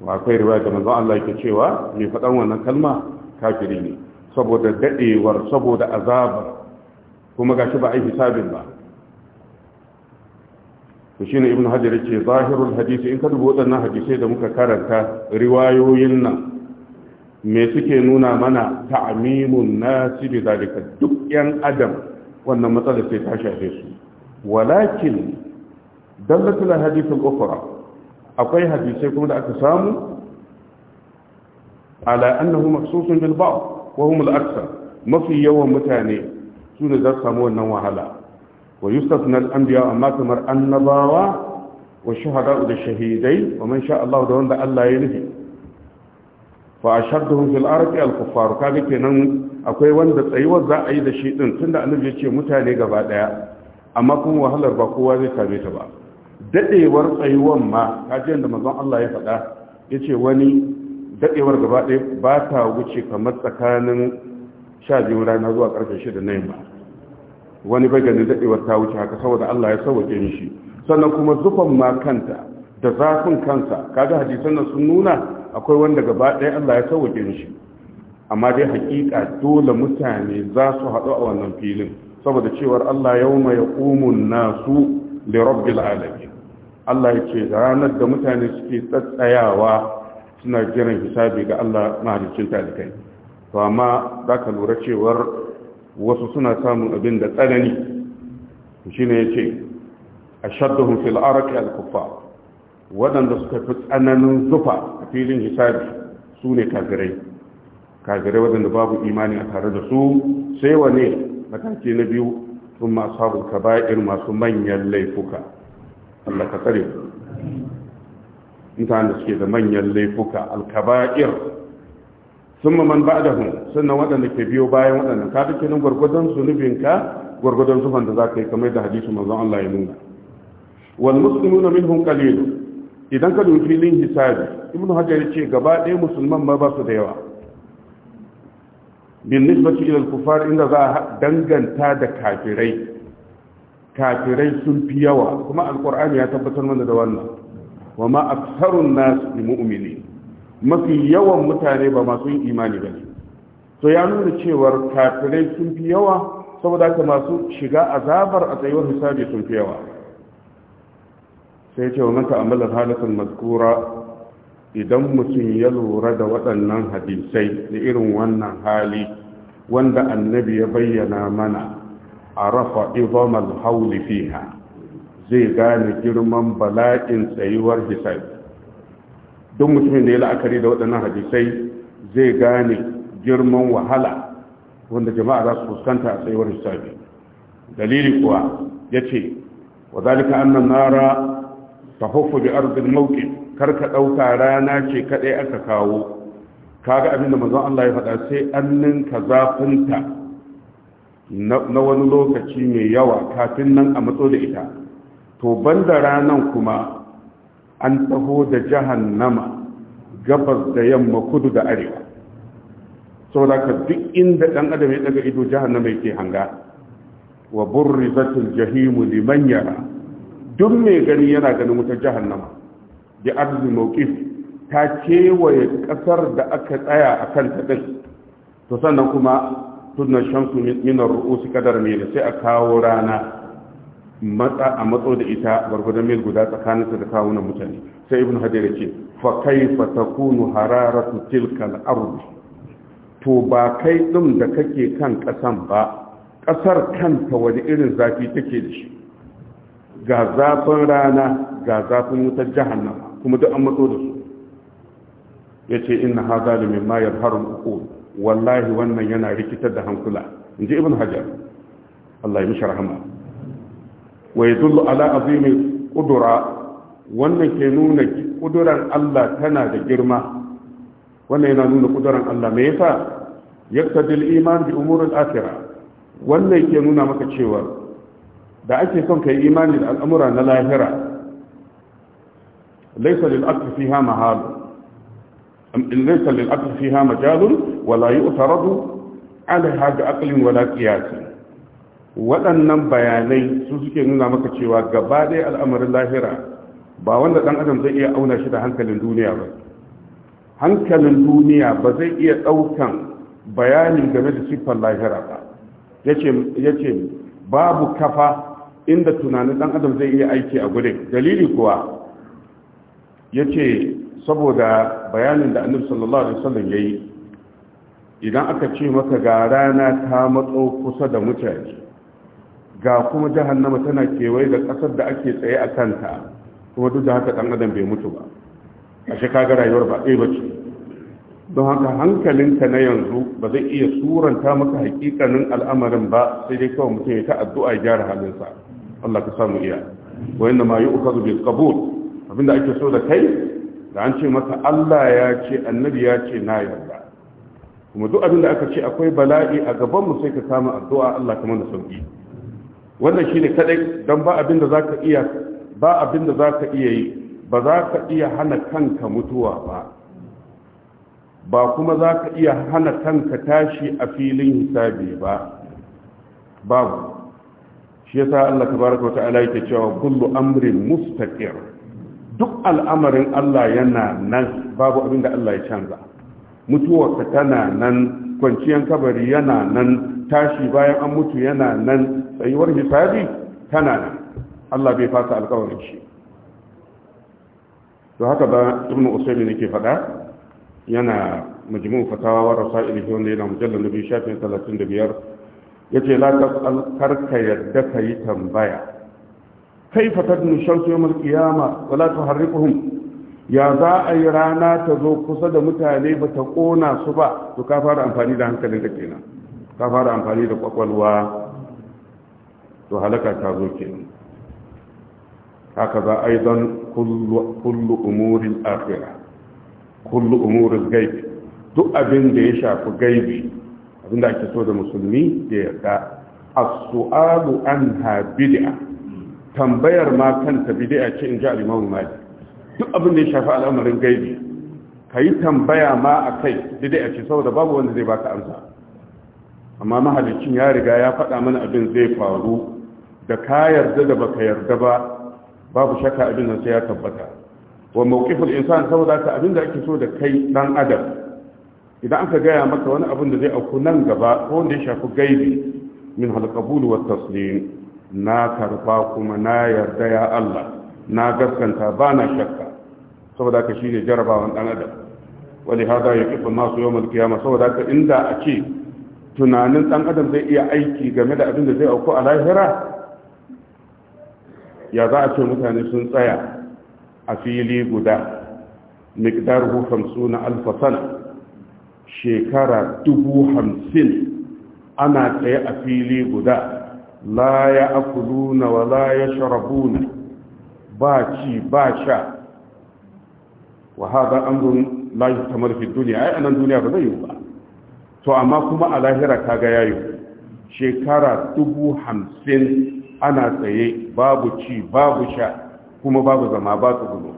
wa akwai riwaya da manzon Allah yake cewa mai faɗan wannan kalma kafiri ne saboda dadewar saboda azabar kuma ga shi ba a yi hisabin ba to shi ne ibn hajar ke zahirul hadisi in ka dubu waɗannan hadisai da muka karanta riwayoyin nan me suke nuna mana ta'amimun nasi bi zalika duk yan adam wannan matsala sai ta shafe su walakin dallatul hadith al-ukhra akwai hadisai kuma da aka samu ala annahu maqsusun bil ba'd wa hum al mafi yawan mutane su ne za su samu wannan wahala wa yustasna al-anbiya amma kamar annabawa wa shuhada da shahidai wa man sha Allah da wanda Allah ya nufi fa ashadduhum fil arqi al-kuffar kaga kenan akwai wanda tsayuwar za a yi da shi din tunda annabi ya ce mutane gaba daya amma kuma wahalar ba kowa zai same ta ba dadewar tsayuwar ma kaji da manzon Allah ya faɗa yace wani dadewar gaba ɗaya ba ta wuce kamar tsakanin sha biyu rana zuwa karfe shida na yamma wani bai gani daɗewar ta wuce haka saboda Allah ya sauke mishi sannan kuma zufan ma kanta da zafin kansa kaga hadisan nan sun nuna akwai wanda gaba ɗaya Allah ya sauke mishi amma dai hakika dole mutane za su haɗu a wannan filin saboda cewar Allah yawma yaqumun nasu li rabbil alamin Allah ya ce ranar da mutane suke tsattsayawa suna jiran hisabi ga Allah mahaliccin talikai to amma za ka lura cewar wasu suna samun abin da tsanani shi ne ya ce a shaddahun fil'araki al-kufa waɗanda suka fi tsananin zufa a filin hisabi su ne kagirai kagirai waɗanda babu imani a tare da su sai wane mataki na biyu sun masu ka kaba'ir masu manyan laifuka allah ka tsare mutanen da suke da manyan laifuka al sun man ba'dahum sannan waɗanda ke biyo bayan waɗannan ka duk kenan gwargwadon zunubinka gwargwadon zuban da ka yi kamar da hadisu manzon Allah ya nuna wal muslimuna minhum qalil idan ka dubi filin hisabi ibnu hajar ce gaba ɗaya musulman ma ba su da yawa bin nisbati ila kufar inda za a danganta da kafirai kafirai sun fi yawa kuma alqur'ani ya tabbatar mana da wannan wa ma aktharun nas bi mu'minin mafi yawan mutane ba masu yin imani ba ne to ya nuna cewar kafirai sun fi yawa saboda ka masu shiga azabar a tsayuwar hisabi sun fi yawa sai cewa maka amalar halittar maskura idan mutum ya lura da waɗannan hadisai da irin wannan hali wanda annabi ya bayyana mana a rafa ibamal hauli fiha zai gane girman bala'in tsayuwar hisabi don mutumin da ya la'akari da waɗannan hadisai zai gane girman wahala wanda jama'a za su fuskanta a tsayuwar hisabi dalili kuwa ya ce wa zalika annan nara ta hufu bi arzin mauki ka ɗauka rana ce kaɗai aka kawo kaga abin da mazan Allah ya faɗa sai an ninka zafinta na wani lokaci mai yawa kafin nan a matso da ita to banda ranan kuma an taho da jahannama gabas da yamma kudu da arewa da ka duk inda ɗan adam ya daga ido jahannama ke hanga wa burrizatul jahimu liman yara duk mai gani yana ganin wuta jahannama bi arzi mawqif ta kewaye kasar da aka tsaya a kan ta din to sannan kuma tunan shamsu min ar-ru'us qadar min sai a kawo rana matsa a matso da ita gwargwadon mil guda tsakaninsa da kawunan mutane sai ibn hajar ya ce fa kaifa takunu hararatu tilkal ard to ba kai din da kake kan kasan ba kasar kanta wani irin zafi take da shi ga zafin rana ga zafin wutar jahannama kuma duk an matso da su yace inna hadha mimma yarharu al-uqul wallahi wannan yana rikitar da hankula inji ibn hajar Allah ya mishi rahama Wai yadullu ala azimi qudura wannan ke nuna kuduran Allah tana da girma wannan yana nuna kuduran Allah me yasa yaqtadil iman wannan ke nuna maka cewa da ake son kai imani da al'amura na lahira laysa lil aqfi fiha mahal laysa lil majalun wala yu'taradu alaiha bi aqlin wala qiyas waɗannan bayanai su suke nuna maka cewa gaba ɗaya al'amarin lahira ba wanda ɗan adam zai iya auna shi da hankalin duniya ba hankalin duniya ba zai iya ɗaukan bayanin game da siffar lahira ba ya ce babu kafa inda tunanin ɗan adam zai iya aiki a gudun dalili kuwa ya ce saboda bayanin da annabi sallallahu alaihi wasallam ya yi idan aka ce maka ga rana ta matso kusa da mutane ga kuma jahannama tana kewaye da ƙasar da ake tsaye a kanta kuma duk da haka ɗan adam bai mutu ba a shekaga rayuwar ba ɗaya ba ce don haka hankalinka na yanzu ba zai iya suranta maka hakikanin al'amarin ba sai dai kawai mutum ya ta addu'a ya gyara halinsa Allah ka samu iya wa inna ma yu'khadhu bil qabul abinda ake so da kai da an ce maka Allah ya ce annabi ya ce na yarda kuma duk abinda aka ce akwai bala'i a gaban mu sai ka kama addu'a Allah ka mana sauki wannan shine kadai dan ba abin da zaka iya ba abin da ka iya yi ba za ka iya hana kanka mutuwa ba ba kuma za ka iya hana kanka tashi a filin hisabi ba babu shi yasa Allah tabaraka wata'ala yake cewa kullu amrin mustaqir duk al'amarin Allah yana nan babu abin da Allah ya canza mutuwarka tana nan kwanciyar kabari yana nan tashi bayan an mutu yana nan tsayuwar hisabi tana ne Allah bai fasa alƙawarin shi to haka ba ibnu usaymi yake faɗa yana majmu fatawa wa rasail wanda yana mujallal nabi shafin 35 yace la tasal karka yadda kai tambaya kaifa tadnu shamsu yawm al-qiyama wa la tuharrikuhum ya za a yi rana ta zo kusa da mutane ba ta kona su ba to ka fara amfani da hankalin ka kenan ka fara amfani da kwakwalwa to halaka ta zo kenan haka za a yi don kullu umurin afira kullu umurin gaibi duk abin da ya shafi gaibi abin da ake so da musulmi da yarda a sualu ha bid'a tambayar ma kanta bid'a ce in ji al mali duk abin da ya shafi al'amarin gaibi yi tambaya ma a kai bid'a ce saboda babu wanda zai baka amsa amma mahalicin ya riga ya faɗa mana abin zai faru da ka yarda da baka yarda ba babu shakka abin nan sai ya tabbata wa mawqiful insan saboda ka abin da ake so da kai dan adam idan aka gaya maka wani abin da zai auku nan gaba ko wanda ya shafi gaibi min halqabul wa taslim na karfa kuma na yarda ya Allah na gaskanta ba na shakka saboda ka shine jarabawan dan adam wani hada ya kifin masu yawmal kiyama da ka inda a ce tunanin dan adam zai iya aiki game da abin da zai auku a lahira ya za a ce mutane sun tsaya a fili guda miqdaruhu hukam suna alfasan? shekara dubu hamsin ana tsaye a fili guda la ya akuluna wa la ya sharabuna ba ci ba sha wa haɗa amurin layu kamar fi duniya ai anan duniya ba zai yi ba to amma kuma a lahira kaga yayo shekara dubu hamsin ana tsaye babu ci babu sha kuma babu zama ba su gudu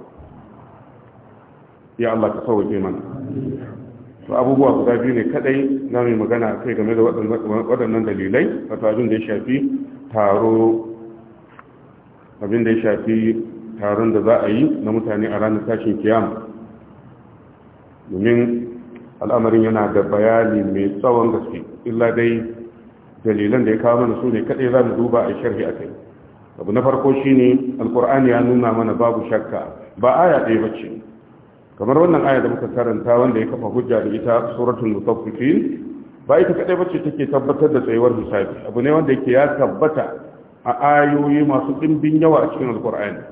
ya Allah ka sauke mana to abubuwa guda biyu ne kadai na mai magana kai game da waɗannan dalilai wato abin da ya shafi taro abin da ya shafi taron da za a yi na mutane a ranar tashin kiyam. domin al'amarin yana da bayani mai tsawon gaske illa dai dalilan da ya kawo mana su ne kaɗai za mu duba a sharhi a kai abu na farko shine alkur'ani ya nuna mana babu shakka ba aya ɗaya ba ce kamar wannan aya da muka karanta wanda ya kafa hujja da ita suratul mutaffifin ba ita kaɗai ba ce take tabbatar da tsayuwar hisabi abu ne wanda yake ya tabbata a ayoyi masu ɗimbin yawa a cikin alkur'ani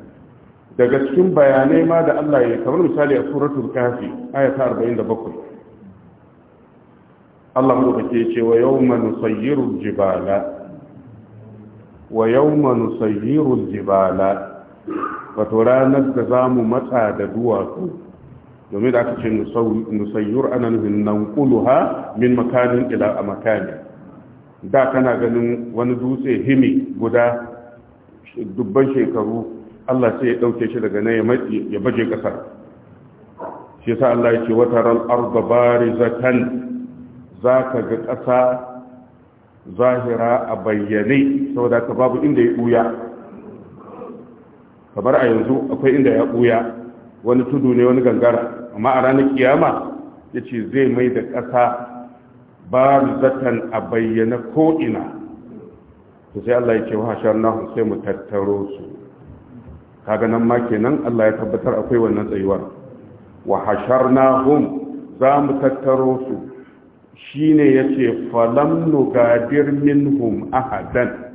daga cikin bayanai ma da Allah ya kamar misali a suratul kafi aya ta 47 Allah ke ce wa yawma nusayyiru jibala wa yawma nusayyiru jibala wato ranar da zamu matsa da duwatsu domin da aka ce nusayyur ana nufin nanquluha min makanin ila makani da kana ganin wani dutse himi guda dubban shekaru Allah sai ya ɗauke shi daga nan ya baje ƙasar. shi yasa Allah ya ce wataral arda barizatan za ka ga ƙasa zahira a bayyane saboda ka babu inda ya ɓuya kamar a yanzu akwai inda ya ɓuya wani tudu ne wani gangara amma a ranar kiyama ya ce zai mai da ƙasa ba zatan a bayyana ko'ina to sai Allah ya ce wa nahu sai mu tattaro su kaga nan ma kenan Allah ya tabbatar akwai wannan tsayuwar Wahashar na nahu za mu tattaro su shine yace falam nugadir minhum ahadan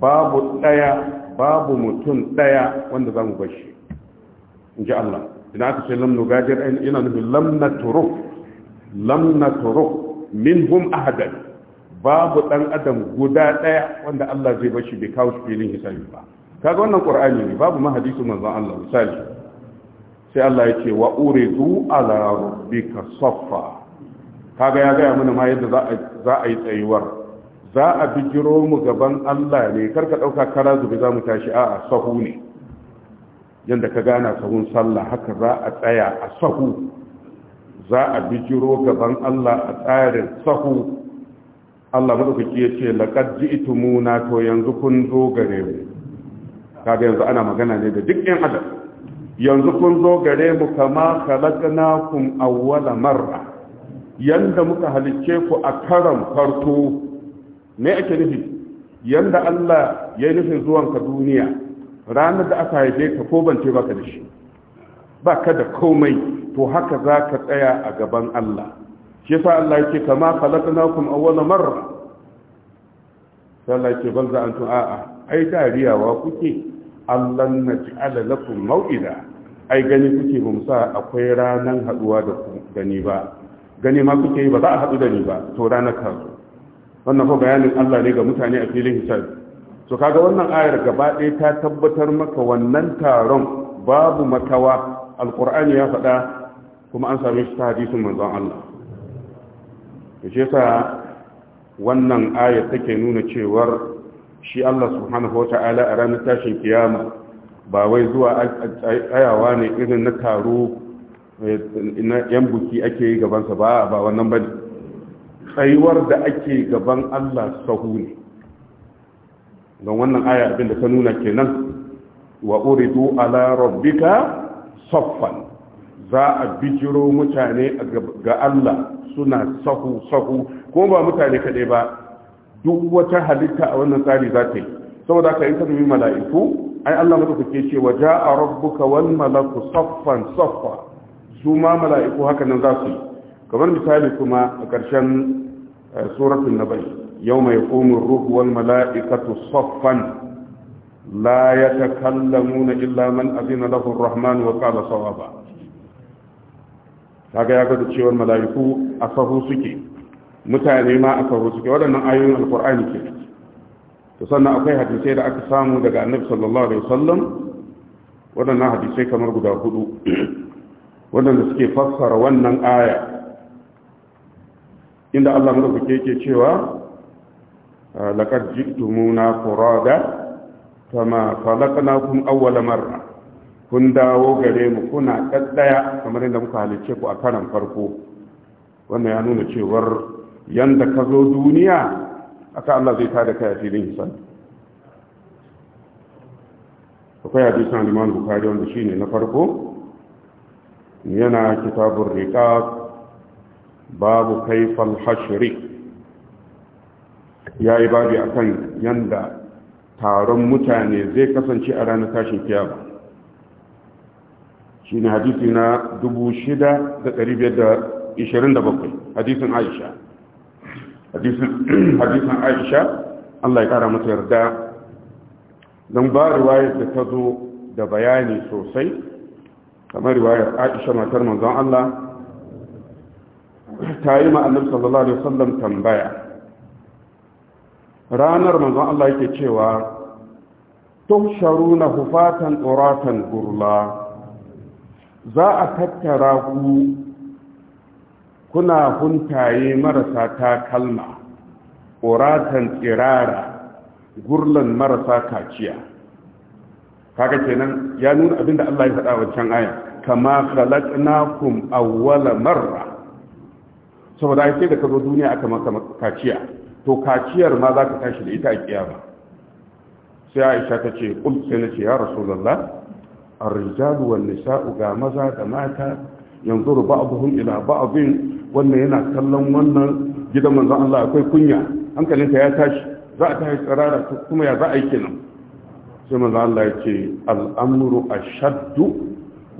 babu daya babu mutum daya wanda zamu bashi ji Allah idan aka ce lam nugadir ina nufin lam natruk lam natruk minhum ahadan babu dan adam guda daya wanda Allah zai bashi bai kawo shi filin hisabi ba kaga wannan qur'ani ne babu ma hadisi manzon Allah misali sai Allah ya ce wa uridu ala rabbika saffa kaga ya gaya mana ma yadda za a yi tsayuwar za a bigiro mu gaban Allah ne karka ɗauka kara zubi za mu tashi a sahu ne yadda ka gana sahun sallah haka za a tsaya a sahu za a bijiro gaban Allah a tsarin sahu Allah madaukaki ya ce laƙad ji'tumuna to yanzu kun zo gare mu kaga yanzu ana magana ne da duk ɗan adam yanzu kun zo gare mu kama khalaqnakum awwala marra yanda muka halicce ku a karan farko me ake nufi yanda Allah ya yi nufin zuwanka duniya ranar da aka haife ka ko ban ce baka da shi baka da komai to haka za ka tsaya a gaban Allah shi yasa Allah yake kama khalaqnakum awwala marra Allah yake banza za antu a'a ai dariyawa kuke Allah na ji lakum maw'ida ai gani kuke ba sa akwai ranan haduwa da ku gani ba gani ma kuke yi ba za a haɗu da ni ba to ranar ka zo wannan fa bayanin Allah ne ga mutane a filin hisab to kaga wannan ayar gaba ɗaya ta tabbatar maka wannan taron babu makawa alqur'ani ya faɗa kuma an same shi ta hadisin manzon Allah to shi yasa wannan ayar take nuna cewar shi Allah subhanahu wata'ala a ranar tashin kiyama ba wai zuwa tsayawa ne irin na taro yan buki ake yi gabansa ba ba wannan bane tsayuwar da ake gaban Allah sahu ne don wannan aya abin da ta nuna kenan wa uridu ala rabbika saffan za a bijiro mutane ga Allah suna sahu sahu ko ba mutane kadai ba duk wata halitta a wannan tsari za ta yi saboda ka yi ta mala'iku ai Allah ke ce wa ja'a rabbuka wal malaku saffan saffan. su ma mala'iku haka nan za su yi kamar misali kuma a ƙarshen eh, na bai yau mai komin ruhu wal mala'ikatu soffan la ya ta kallamu na illa man azina lahun rahman wa kala sawa ba, ta ga ya gada cewar mala'iku a sahu suke mutane ma a sahu suke waɗannan ayoyin alkur'ani ke to sannan akwai hadisai da aka samu daga annabi sallallahu alaihi wasallam waɗannan hadisai kamar guda hudu waɗanda suke fassara wannan aya inda Allah madaukake yake cewa laqad jiktumuna furada kama khalaqnakum awwala marra kun dawo gare mu kuna daddaya kamar yadda muka halice ku a karan farko wannan ya nuna cewar yanda ka zo duniya aka Allah zai tada kai a filin hisabi akwai hadisan Imam Bukhari wanda shine na farko yana kitabun riƙa babu kaifan hashiri ya yi babi a kan yadda taron mutane zai kasance a ranar tashin kiyama shi ne hadisi na 6,527 hadisin aisha [clears throat] hadisin aisha allah ya kara mata yarda don ba ruwayar da ta zo da bayani sosai kamar riwayar aisha matar manzon Allah ta yi ma sallallahu alaihi wasallam tambaya ranar manzon Allah yake cewa tuhsharuna hufatan uratan gurla za a tattara ku kuna huntaye marasa takalma uratan tsirara gurlan marasa kaciya kaga kenan ya nuna abin da Allah ya faɗa can aya kama khalaqnakum awwala marra saboda ai sai da kazo duniya aka maka kaciya to kaciyar ma za ka tashi da ita a kiyama sai Aisha ta ce qul sai na ce ya rasulullah ar-rijalu wan nisa'u ga maza da mata yanzuru ba'dhum ila ba'dhin wannan yana kallon wannan gidan manzon Allah akwai kunya hankalinta ya tashi za a tashi tsirara kuma ya za a yi kenan sai manzo Allah ya ce al'amuru a shaddu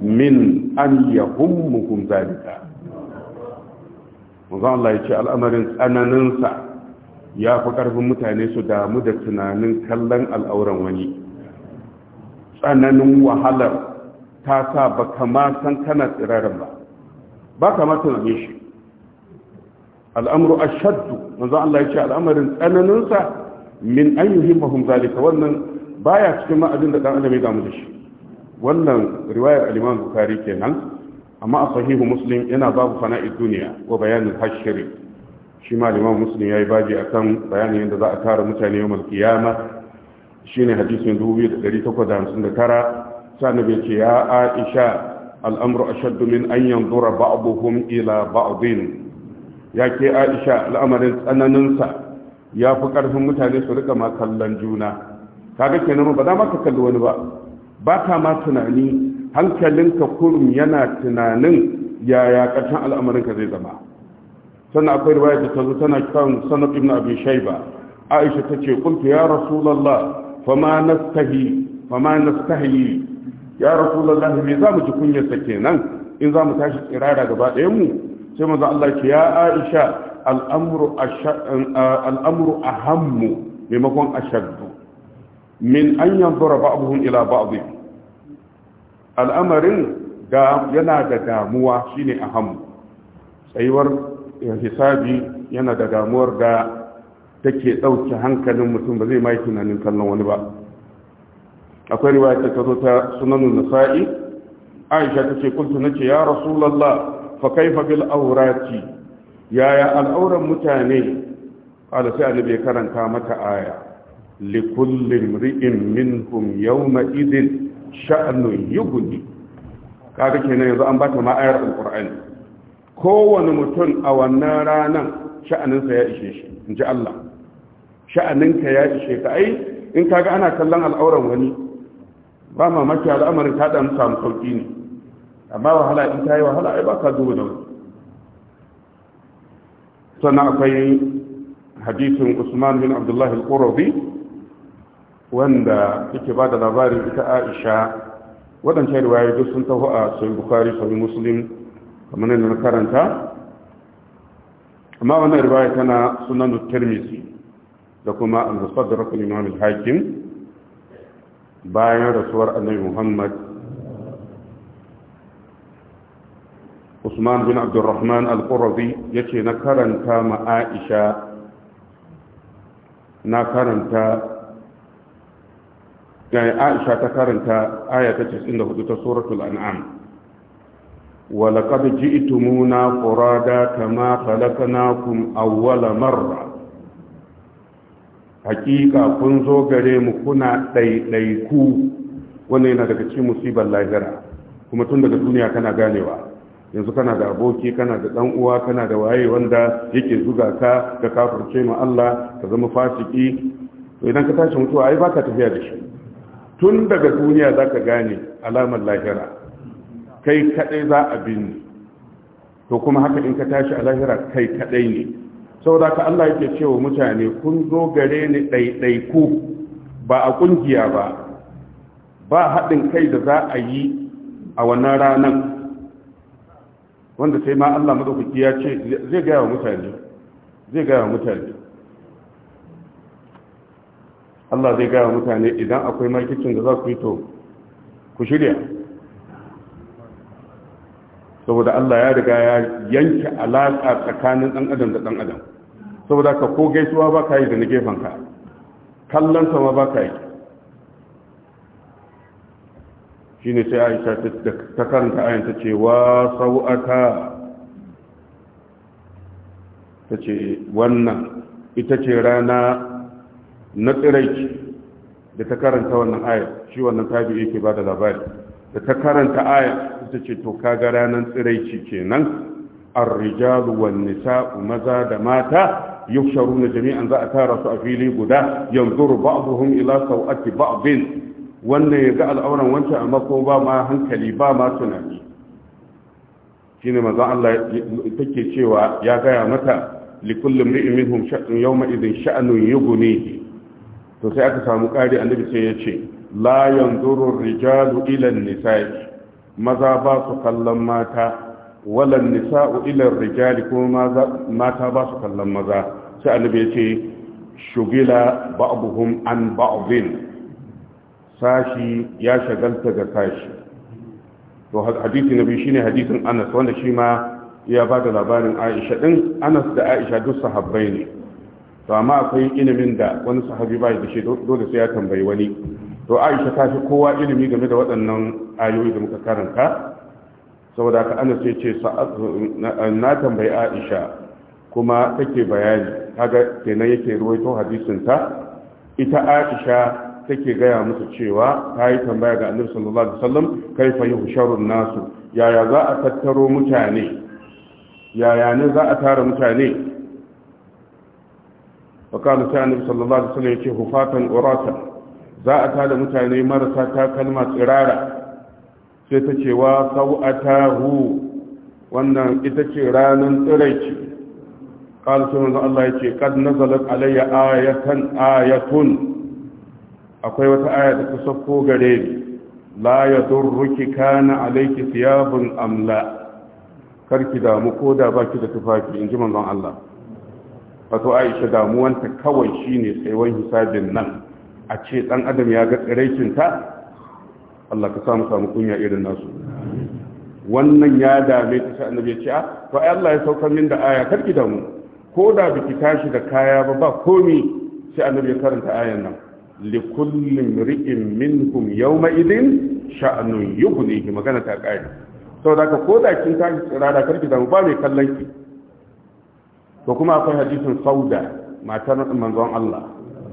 min an yahummukum zalika manzo Allah ya ce al'amarin tsananinsa ya fi ƙarfin mutane su damu da tunanin kallon al'auran wani tsananin wahalar ta sa ba kama san kana tsirarin ba ba kama tunanin shi Al'amuru a shaddu manzo Allah ya ce al'amarin tsananinsa min an yuhimmahum zalika wannan baya cikin ma da dan adam ya damu da shi wannan riwayar al-Imam Bukhari kenan amma a sahihu Muslim yana babu fana'id duniya ko bayanin hashir shi ma al-Imam Muslim yayi baji akan bayanin yadda za a tara mutane yawmal qiyama shine hadisin 2859 sanabi ce ya Aisha al'amru ashaddu min an yanzura ba'duhum ila ba'din ya ke Aisha al'amarin tsananinsa ya fi ƙarfin mutane su rika ma kallon juna kaga kenan ba za ma ka kalli wani ba ba ta ma tunani hankalinka kurum yana tunanin yaya ƙarshen al'amarinka zai zama sannan akwai riwaya da ta tana kan sanad ibn abi shayba aisha tace qultu ya rasulullah fama nastahi fama nastahi ya rasulullah me za mu ji kunyarsa kenan in za mu tashi tsirara gaba ɗayan mu sai manzo Allah ce ya aisha al'amru al'amru ahammu maimakon ashaddu min an yanzura ba'dhum ila ba'd al'amarin ga yana da damuwa shine aham tsayuwar hisabi yana da damuwar da take ɗauke hankalin mutum ba zai mai tunanin kallon wani ba akwai riwaya ta tazo ta sunanun nasa'i aisha tace kuntu ce ya rasulullah fa kaifa bil awrati yaya al'auran mutane qala sai annabi karanta mata aya لكل امرئ منهم يومئذ شأن يغني kaga kenan yanzu an bata ma ayar alqur'ani kowane mutum a wannan ranan sha'aninsa ya ishe shi in ji Allah sha'aninka ya ishe ka ai in kaga ana kallon al'auran wani ba mamaki al'amarin ta dan samu sauki ne amma wahala in ta yi wahala ai ba ka duba da wani sannan akwai hadisin usman bin abdullahi al-qurabi wanda yake ba da labarin ita aisha waɗancan riwaya duk sun taho a sayi bukari sayi muslim kamar yadda na karanta amma wannan riwaya tana sunan tirmidhi da kuma al da al-imam al-hakim bayan rasuwar annabi muhammad usman bin abdurrahman al ya yace na karanta ma aisha na karanta Yaya aisha ta karanta aya ta 94 ta suratul an'am wa laqad ji'tumuna qurada kama khalaqnakum awwala marra hakika kun zo gare mu kuna ɗaiɗaiku wannan yana daga cikin musibar lahira kuma tun daga duniya kana ganewa yanzu kana da aboki kana da ɗan'uwa, uwa kana da waye wanda yake zuga ka ka kafirce ma Allah ka zama fasiki to idan ka tashi mutuwa ai baka tafiya da shi tun daga duniya za ka gane alamar lahira kai kadai za a bin to kuma haka in ka tashi a lahira kai kadai ne saboda ka Allah yake cewa mutane kun zo gare ni ɗaiɗaiku ba a ƙungiya ba ba haɗin kai da za a yi a wannan ranar wanda sai ma Allah madaukaki ya ce zai gaya wa mutane zai gaya wa mutane Allah zai gaya mutane idan akwai markicin da za ku yi to ku shirya saboda Allah ya riga ya yanke alaƙa tsakanin ɗan adam da ɗan adam saboda ka ko gaisuwa ba ka yi da na ka kallon sama ba ka yi shi ne sai aisha ta karanta ayin ta ce wa sau'ata ta ce wannan ita ce rana na tsiraici da ta karanta wannan ayar shi wannan tabi yake ba da labari da ta karanta ayar ita ce to kaga ranar tsiraici kenan ar-rijalu wan nisa'u maza da mata yusharuna jami'an za a tara su a fili guda yanzuru ba'dhum ila sawati ba'din wannan ga al'auran wancan amma ko ba ma hankali ba ma tunani shine manzo Allah take cewa ya gaya mata likulli imri'in minhum sha'nun yawma idhin sha'nun yughnihi to sai aka samu ƙari annabi sai ya ce layan yanzuru rijalu ila nisa'i maza ba su kallon mata walan nisa'u ila rijali kuma mata ba su kallon maza sai annabi ya ce shugila ba'dhum an ba'dhin sashi ya shagalta ga sashi to hadisi na biyu shine hadisin Anas wanda shi ma ya ba da labarin Aisha din Anas da Aisha duk sahabbai ne to amma akwai ilimin da wani sahabi bai da shi dole sai ya tambayi wani to Aisha ta fi kowa ilimi game da waɗannan ayoyi da muka karanta saboda ka ana sai ce na tambayi Aisha kuma take bayani kaga kenan yake ruwaito hadisin ta ita Aisha take gaya musu cewa ta yi tambaya ga Annabi sallallahu alaihi wasallam kaifa yuhsharun nasu yaya za a tattaro mutane yaya ne za a tara mutane wa kana sai annabi sallallahu alaihi wasallam yace hufatan uratan za a tada mutane marasa takalma tsirara sai ta ce wa sau'atahu wannan ita ce ranan tsiraici قال سبحانه الله يقول قد نزلت علي آية آية akwai wata aya da ta sauko gare ni la ya durruki kana alaiki thiyabun amla karki damu ko da baki da tufafi inji manzon Allah wato aisha damuwanta kawai shine tsaiwan hisabin nan a ce dan adam ya ga tsiraicinta Allah ka samu samu kunya irin nasu wannan ya dame ta sai annabi ya ce to ai Allah ya sauka min da aya karki damu ko da biki tashi da kaya ba ba komi sai annabi ya karanta ayan nan kullin ri'in minkum yawma idin sha'nun yughnihi magana ta kai saboda ka ko da kin tashi tsirara karki damu ba mai kallon ki ko kuma akwai hadisin sauda matar manzon Allah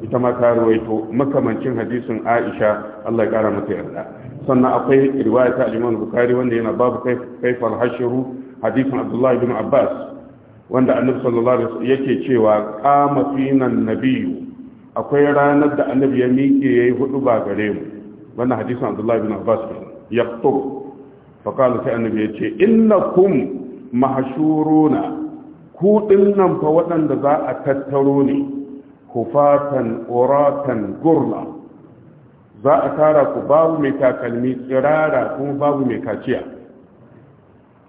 ita ma ta rawaito makamancin hadisin Aisha Allah ya kara mata yarda sannan akwai riwaya ta Imam Bukhari wanda yana babu kaifal hashru hadisin Abdullah ibn Abbas wanda Annabi sallallahu alaihi wasallam yake cewa qama fina nabiyyu akwai ranar da Annabi ya miƙe yayi hudu ba gare mu wannan hadisin Abdullah ibn Abbas yaqtu fa qala sai Annabi yace innakum mahshuruna kuɗin nan fa waɗanda za a tattaro ne kufatan uratan gurla za a tara ku babu mai takalmi tsirara kuma babu mai kaciya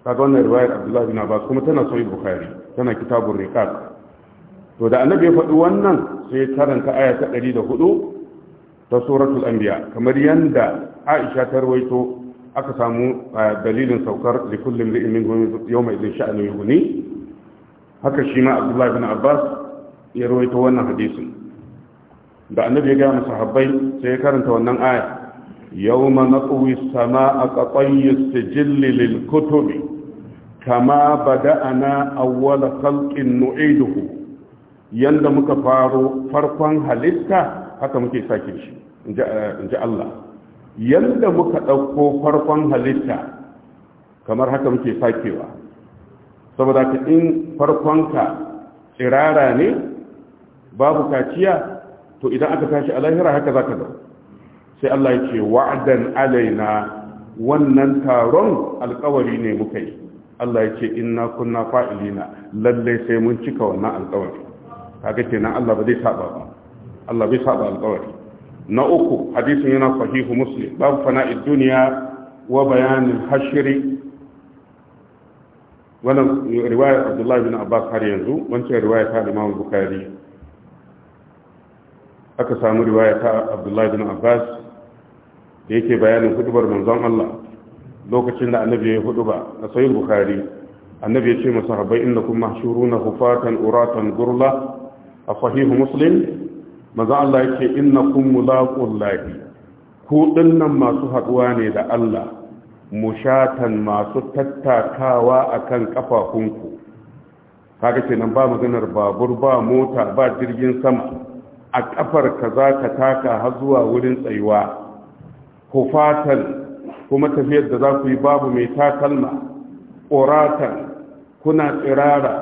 kaga wannan riwayar abdullahi na ba kuma tana sahih bukhari tana kitabun rikak. to da annabi ya faɗi wannan sai karanta aya ta 104 ta suratul anbiya kamar yanda aisha ta rawaito aka samu eh, dalilin saukar likulli imrin minhum yawma idin sha'anu yughni haka shi ma abdullahi bin abbas ya rawaito wannan hadisin da annabi ya ga mu sahabbai sai ya karanta wannan aya yawma naqwi as-samaa qatayyi as lil kutubi kama bada'ana awwal khalqin nu'iduhu yanda muka faro farkon halitta haka muke sake shi inji Allah yanda muka ɗauko farkon halitta kamar haka muke sakewa saboda ka in farkonka tsirara ne babu kaciya to idan aka tashi a lahira haka za ka zau sai Allah ya ce wa'adan alaina wannan taron alkawari ne muka yi Allah ya ce inna kunna fa'ilina lallai sai mun cika wannan alkawari kaga kenan Allah ba zai saba ba Allah bai saba alkawari na uku hadisin yana sahihu muslim babu fana'id duniya wa bayanin hashiri wannan riwayar abdullahi bin abbas har yanzu wancan riwaya ta imam bukari aka samu riwaya ta abdullahi bin abbas da yake bayanin hudubar manzon allah lokacin da annabi ya yi huduba a sayin bukari annabi ya ce masu habai inda kuma na hufatan uratan gurla a fahimu muslim maza allah ya ce inna kun mulaƙun lahi ku dinnan masu haɗuwa ne da allah mushatan masu tattakawa a akan kafafunku kaga kenan ba maganar babur ba mota ba jirgin sama a ƙafar ka za ka taka har zuwa wurin tsayuwa fatan kuma tafiyar da za ku yi babu mai takalma ƙoratan kuna tsirara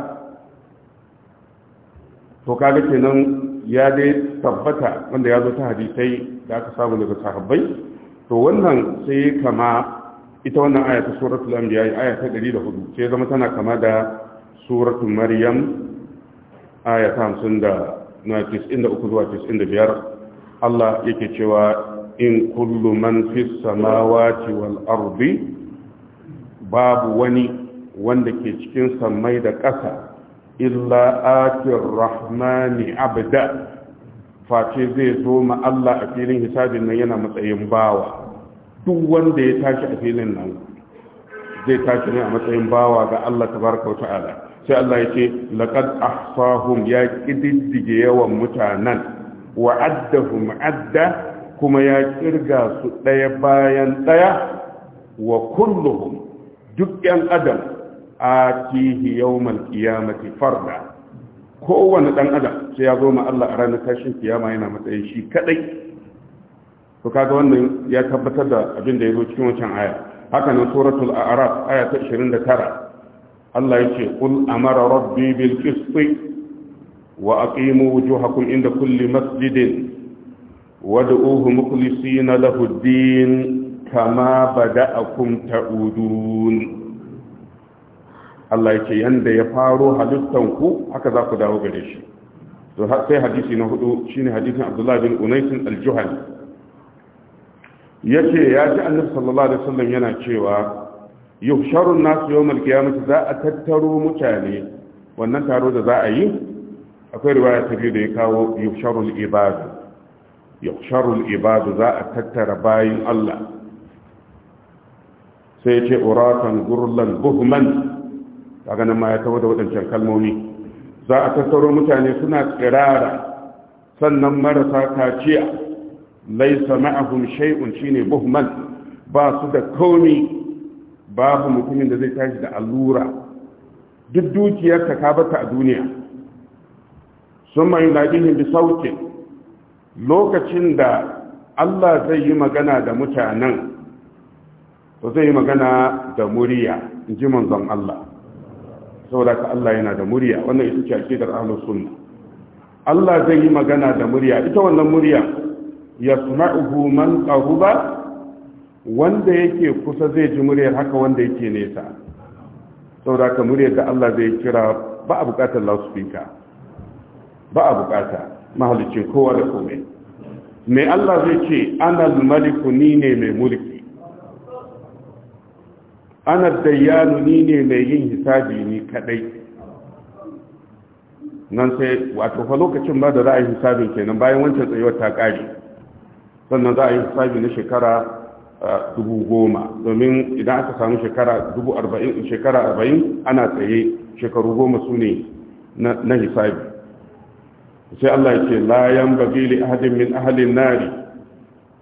to kaga kenan ya dai tabbata wanda ya zo ta hadisai da aka samu daga sahabbai to wannan sai kama ita wannan aya ta suratul anbiya aya ta 104 sai zama tana kama da suratul maryam aya ta 50 da na 93 zuwa 95 Allah yake cewa in kullu man fis samawati wal ardi babu wani wanda ke cikin samai da ƙasa illa atir rahmani abda face zai zo ma Allah a filin hisabin nan yana matsayin bawa duk wanda ya tashi a filin nan zai tashi ne a matsayin bawa ga Allah tabaraka wata'ala sai Allah ya ce laqad ahsahum ya kididdige yawan mutanen wa addahum adda kuma ya kirga su ɗaya bayan ɗaya wa kulluhum duk yan adam a tihi yawmal qiyamati farda kowane ɗan adam sai ya zo ma Allah a ranar tashin kiyama yana matsayin shi kadai to kaga wannan ya tabbatar da abin da ya zo cikin wancan aya haka nan suratul a'raf aya ta 29 Allah yace qul amara rabbi bil qist wa aqimu wujuhakum inda kulli masjidin wad'uhu mukhlisina lahu ad-din kama bada'akum ta'udun Allah yake yanda ya faro halittan ku haka za ku dawo gare shi to sai hadisi na hudu shine hadisin Abdullah bin Unais al-Juhani yace ya ji annabi sallallahu alaihi wasallam yana cewa yuhsharun nasu yawmal qiyamati za a tattaro mutane wannan taro da za a yi akwai riwaya ta biyu da ya kawo yuhsharul ibad yuhsharul ibad za a tattara bayin Allah sai ya ce uratan gurlan buhman kaga nan ma ya tawo da waɗancan kalmomi za a tattaro mutane suna tsirara sannan marasa kaciya laisa ma'ahum shay'un shine buhman ba su da komi babu mutumin da zai tashi da allura duk dukiyarka ka bata a duniya sun mai nadihin bi sautin lokacin da Allah zai yi magana da mutanen to zai yi magana da murya in ji manzon Allah saboda ka Allah yana da murya wannan ita ce akidar ahlus sunna Allah zai yi magana da murya ita wannan murya yasma'uhu man qaruba wanda yake kusa zai ji muryar haka wanda yake nesa saboda ka muryar da Allah zai kira ba a bukatar loudspeaker ba a bukata mahalicin kowa da komai mai Allah zai ce anal maliku ni ne mai mulki anar dayyanu ni ne mai yin hisabi ni kadai nan sai wato fa lokacin ba da ra'ayin hisabin kenan bayan wancan tsayuwar ta kare sannan za a yi hisabi na shekara dubu goma domin idan aka samu shekara dubu arba'in shekara arba'in ana tsaye shekaru goma su ne na hisabi sai Allah ya ce layan a ahadin min ahalin nari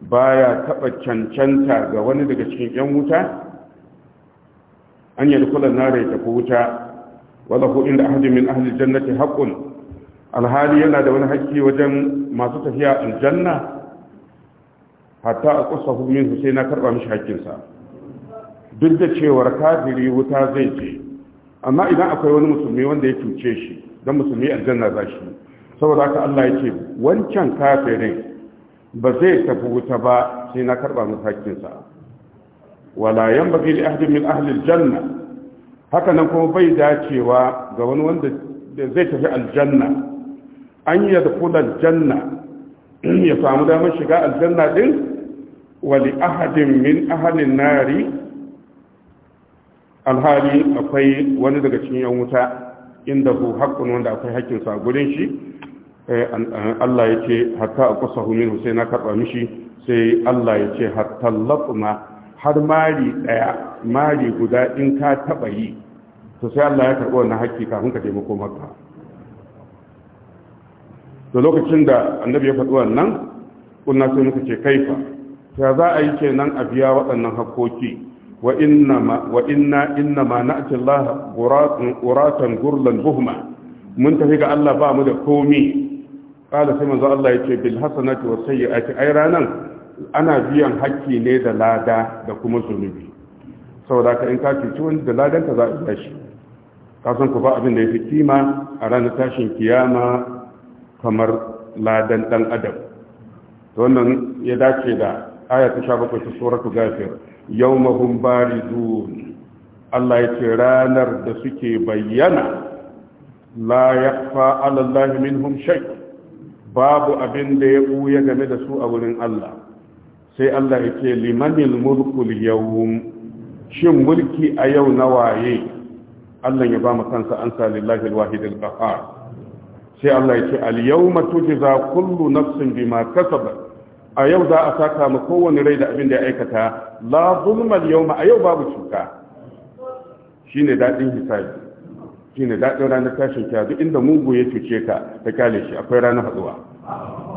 baya taba cancanta ga wani daga cikin yan wuta an yi dukulan nari ta ko wuta wadda hudun inda ahadin min ahalin jannati haƙƙun alhali yana da wani haƙƙi wajen masu tafiya aljanna hatta a kusa sai na karba mishi hakkinsa duk da cewar kafiri wuta zai je amma idan akwai wani musulmi wanda ya cuce shi don musulmi aljanna za shi saboda haka Allah ya ce wancan kafirin ba zai tafi wuta ba sai na karba masa hakkinsa wala ba li ahadin min ahli aljanna haka nan kuma bai dacewa ga wani wanda zai tafi aljanna an yadkhula aljanna ya samu damar shiga aljanna din wali ahadin min ahalin nari alhali akwai wani daga cikin yan wuta inda hu haƙƙun wanda akwai haƙƙinsa a gurin shi eh, Allah ya ce hatta a kusa humin sai na karɓa mishi sai Allah ya ce hatta latsuma har mari ɗaya mari guda in ka taɓa yi to sai Allah ya karba wannan haƙƙi kafin ka taimako maka da lokacin da annabi ya faɗi wannan kunna sai muka ce kaifa ta za a yi kenan a biya waɗannan hakkoki wa inna inna ma na'ti Allah uratan gurlan buhma mun tafi ga Allah ba mu da komi kada sai manzo Allah yake bil hasanati was sayyi'ati ai ranan ana biyan hakki ne da lada da kuma zunubi saboda ka in ka cuci wani da ladan ka za a biya shi ka san ku ba abin da yafi kima a ranar tashin kiyama kamar ladan dan adam to wannan ya dace da aya ta 17 ta suratu mahun yawmahum baridun Allah ya ce ranar da suke bayyana la yakfa ala Allah minhum shay babu abin da ya buya game da su a wurin Allah sai Allah ya ce limanil mulku yawm shin mulki a yau na waye Allah ya ba mu kansa an sa lillahi alwahid alqahar sai Allah ya ce al yawma tujza kullu nafsin bima kasabat a yau za a saka mu kowane rai da abin da ya aikata la zulmal yawma a yau babu cuta shine dadin hisabi shine dadin ranar tashin kiyama duk inda mugu ya cuce ka ta kyale shi akwai ranar haduwa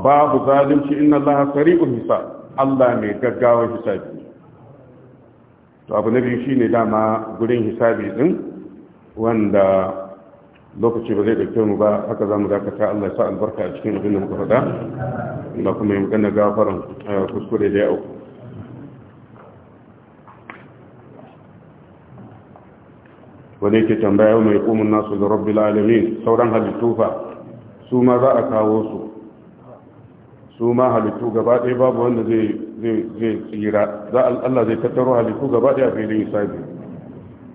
babu zalunci inna allaha sari'ul hisab Allah mai gaggawa hisabi to abu na biyu shine dama gurin hisabi din wanda lokaci ba zai dauke mu ba haka za mu dakata Allah ya sa albarka a cikin abin da muka faɗa Allah kuma ya magana gafaran kuskure da ya wani yake tambaya mai kumun nasu da rabbil alamin sauran halittu fa su ma za a kawo su su ma halittu gaba ɗaya babu wanda zai tsira za Allah zai tattaro halittu gaba ɗaya a filin isabi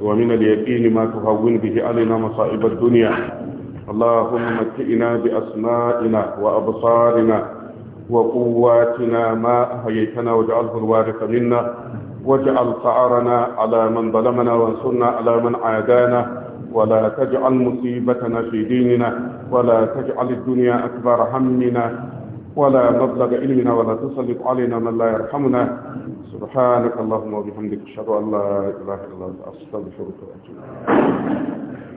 ومن اليقين ما تهون به علينا مصائب الدنيا اللهم متئنا بأسمائنا وأبصارنا وقواتنا ما أحييتنا واجعله الوارث منا واجعل ثأرنا على من ظلمنا وانصرنا على من عادانا ولا تجعل مصيبتنا في ديننا ولا تجعل الدنيا أكبر همنا ولا مبلغ علمنا ولا تسلط علينا من لا يرحمنا سبحانك اللهم وبحمدك اشهد ان لا اله الا انت استغفرك واتوب اليك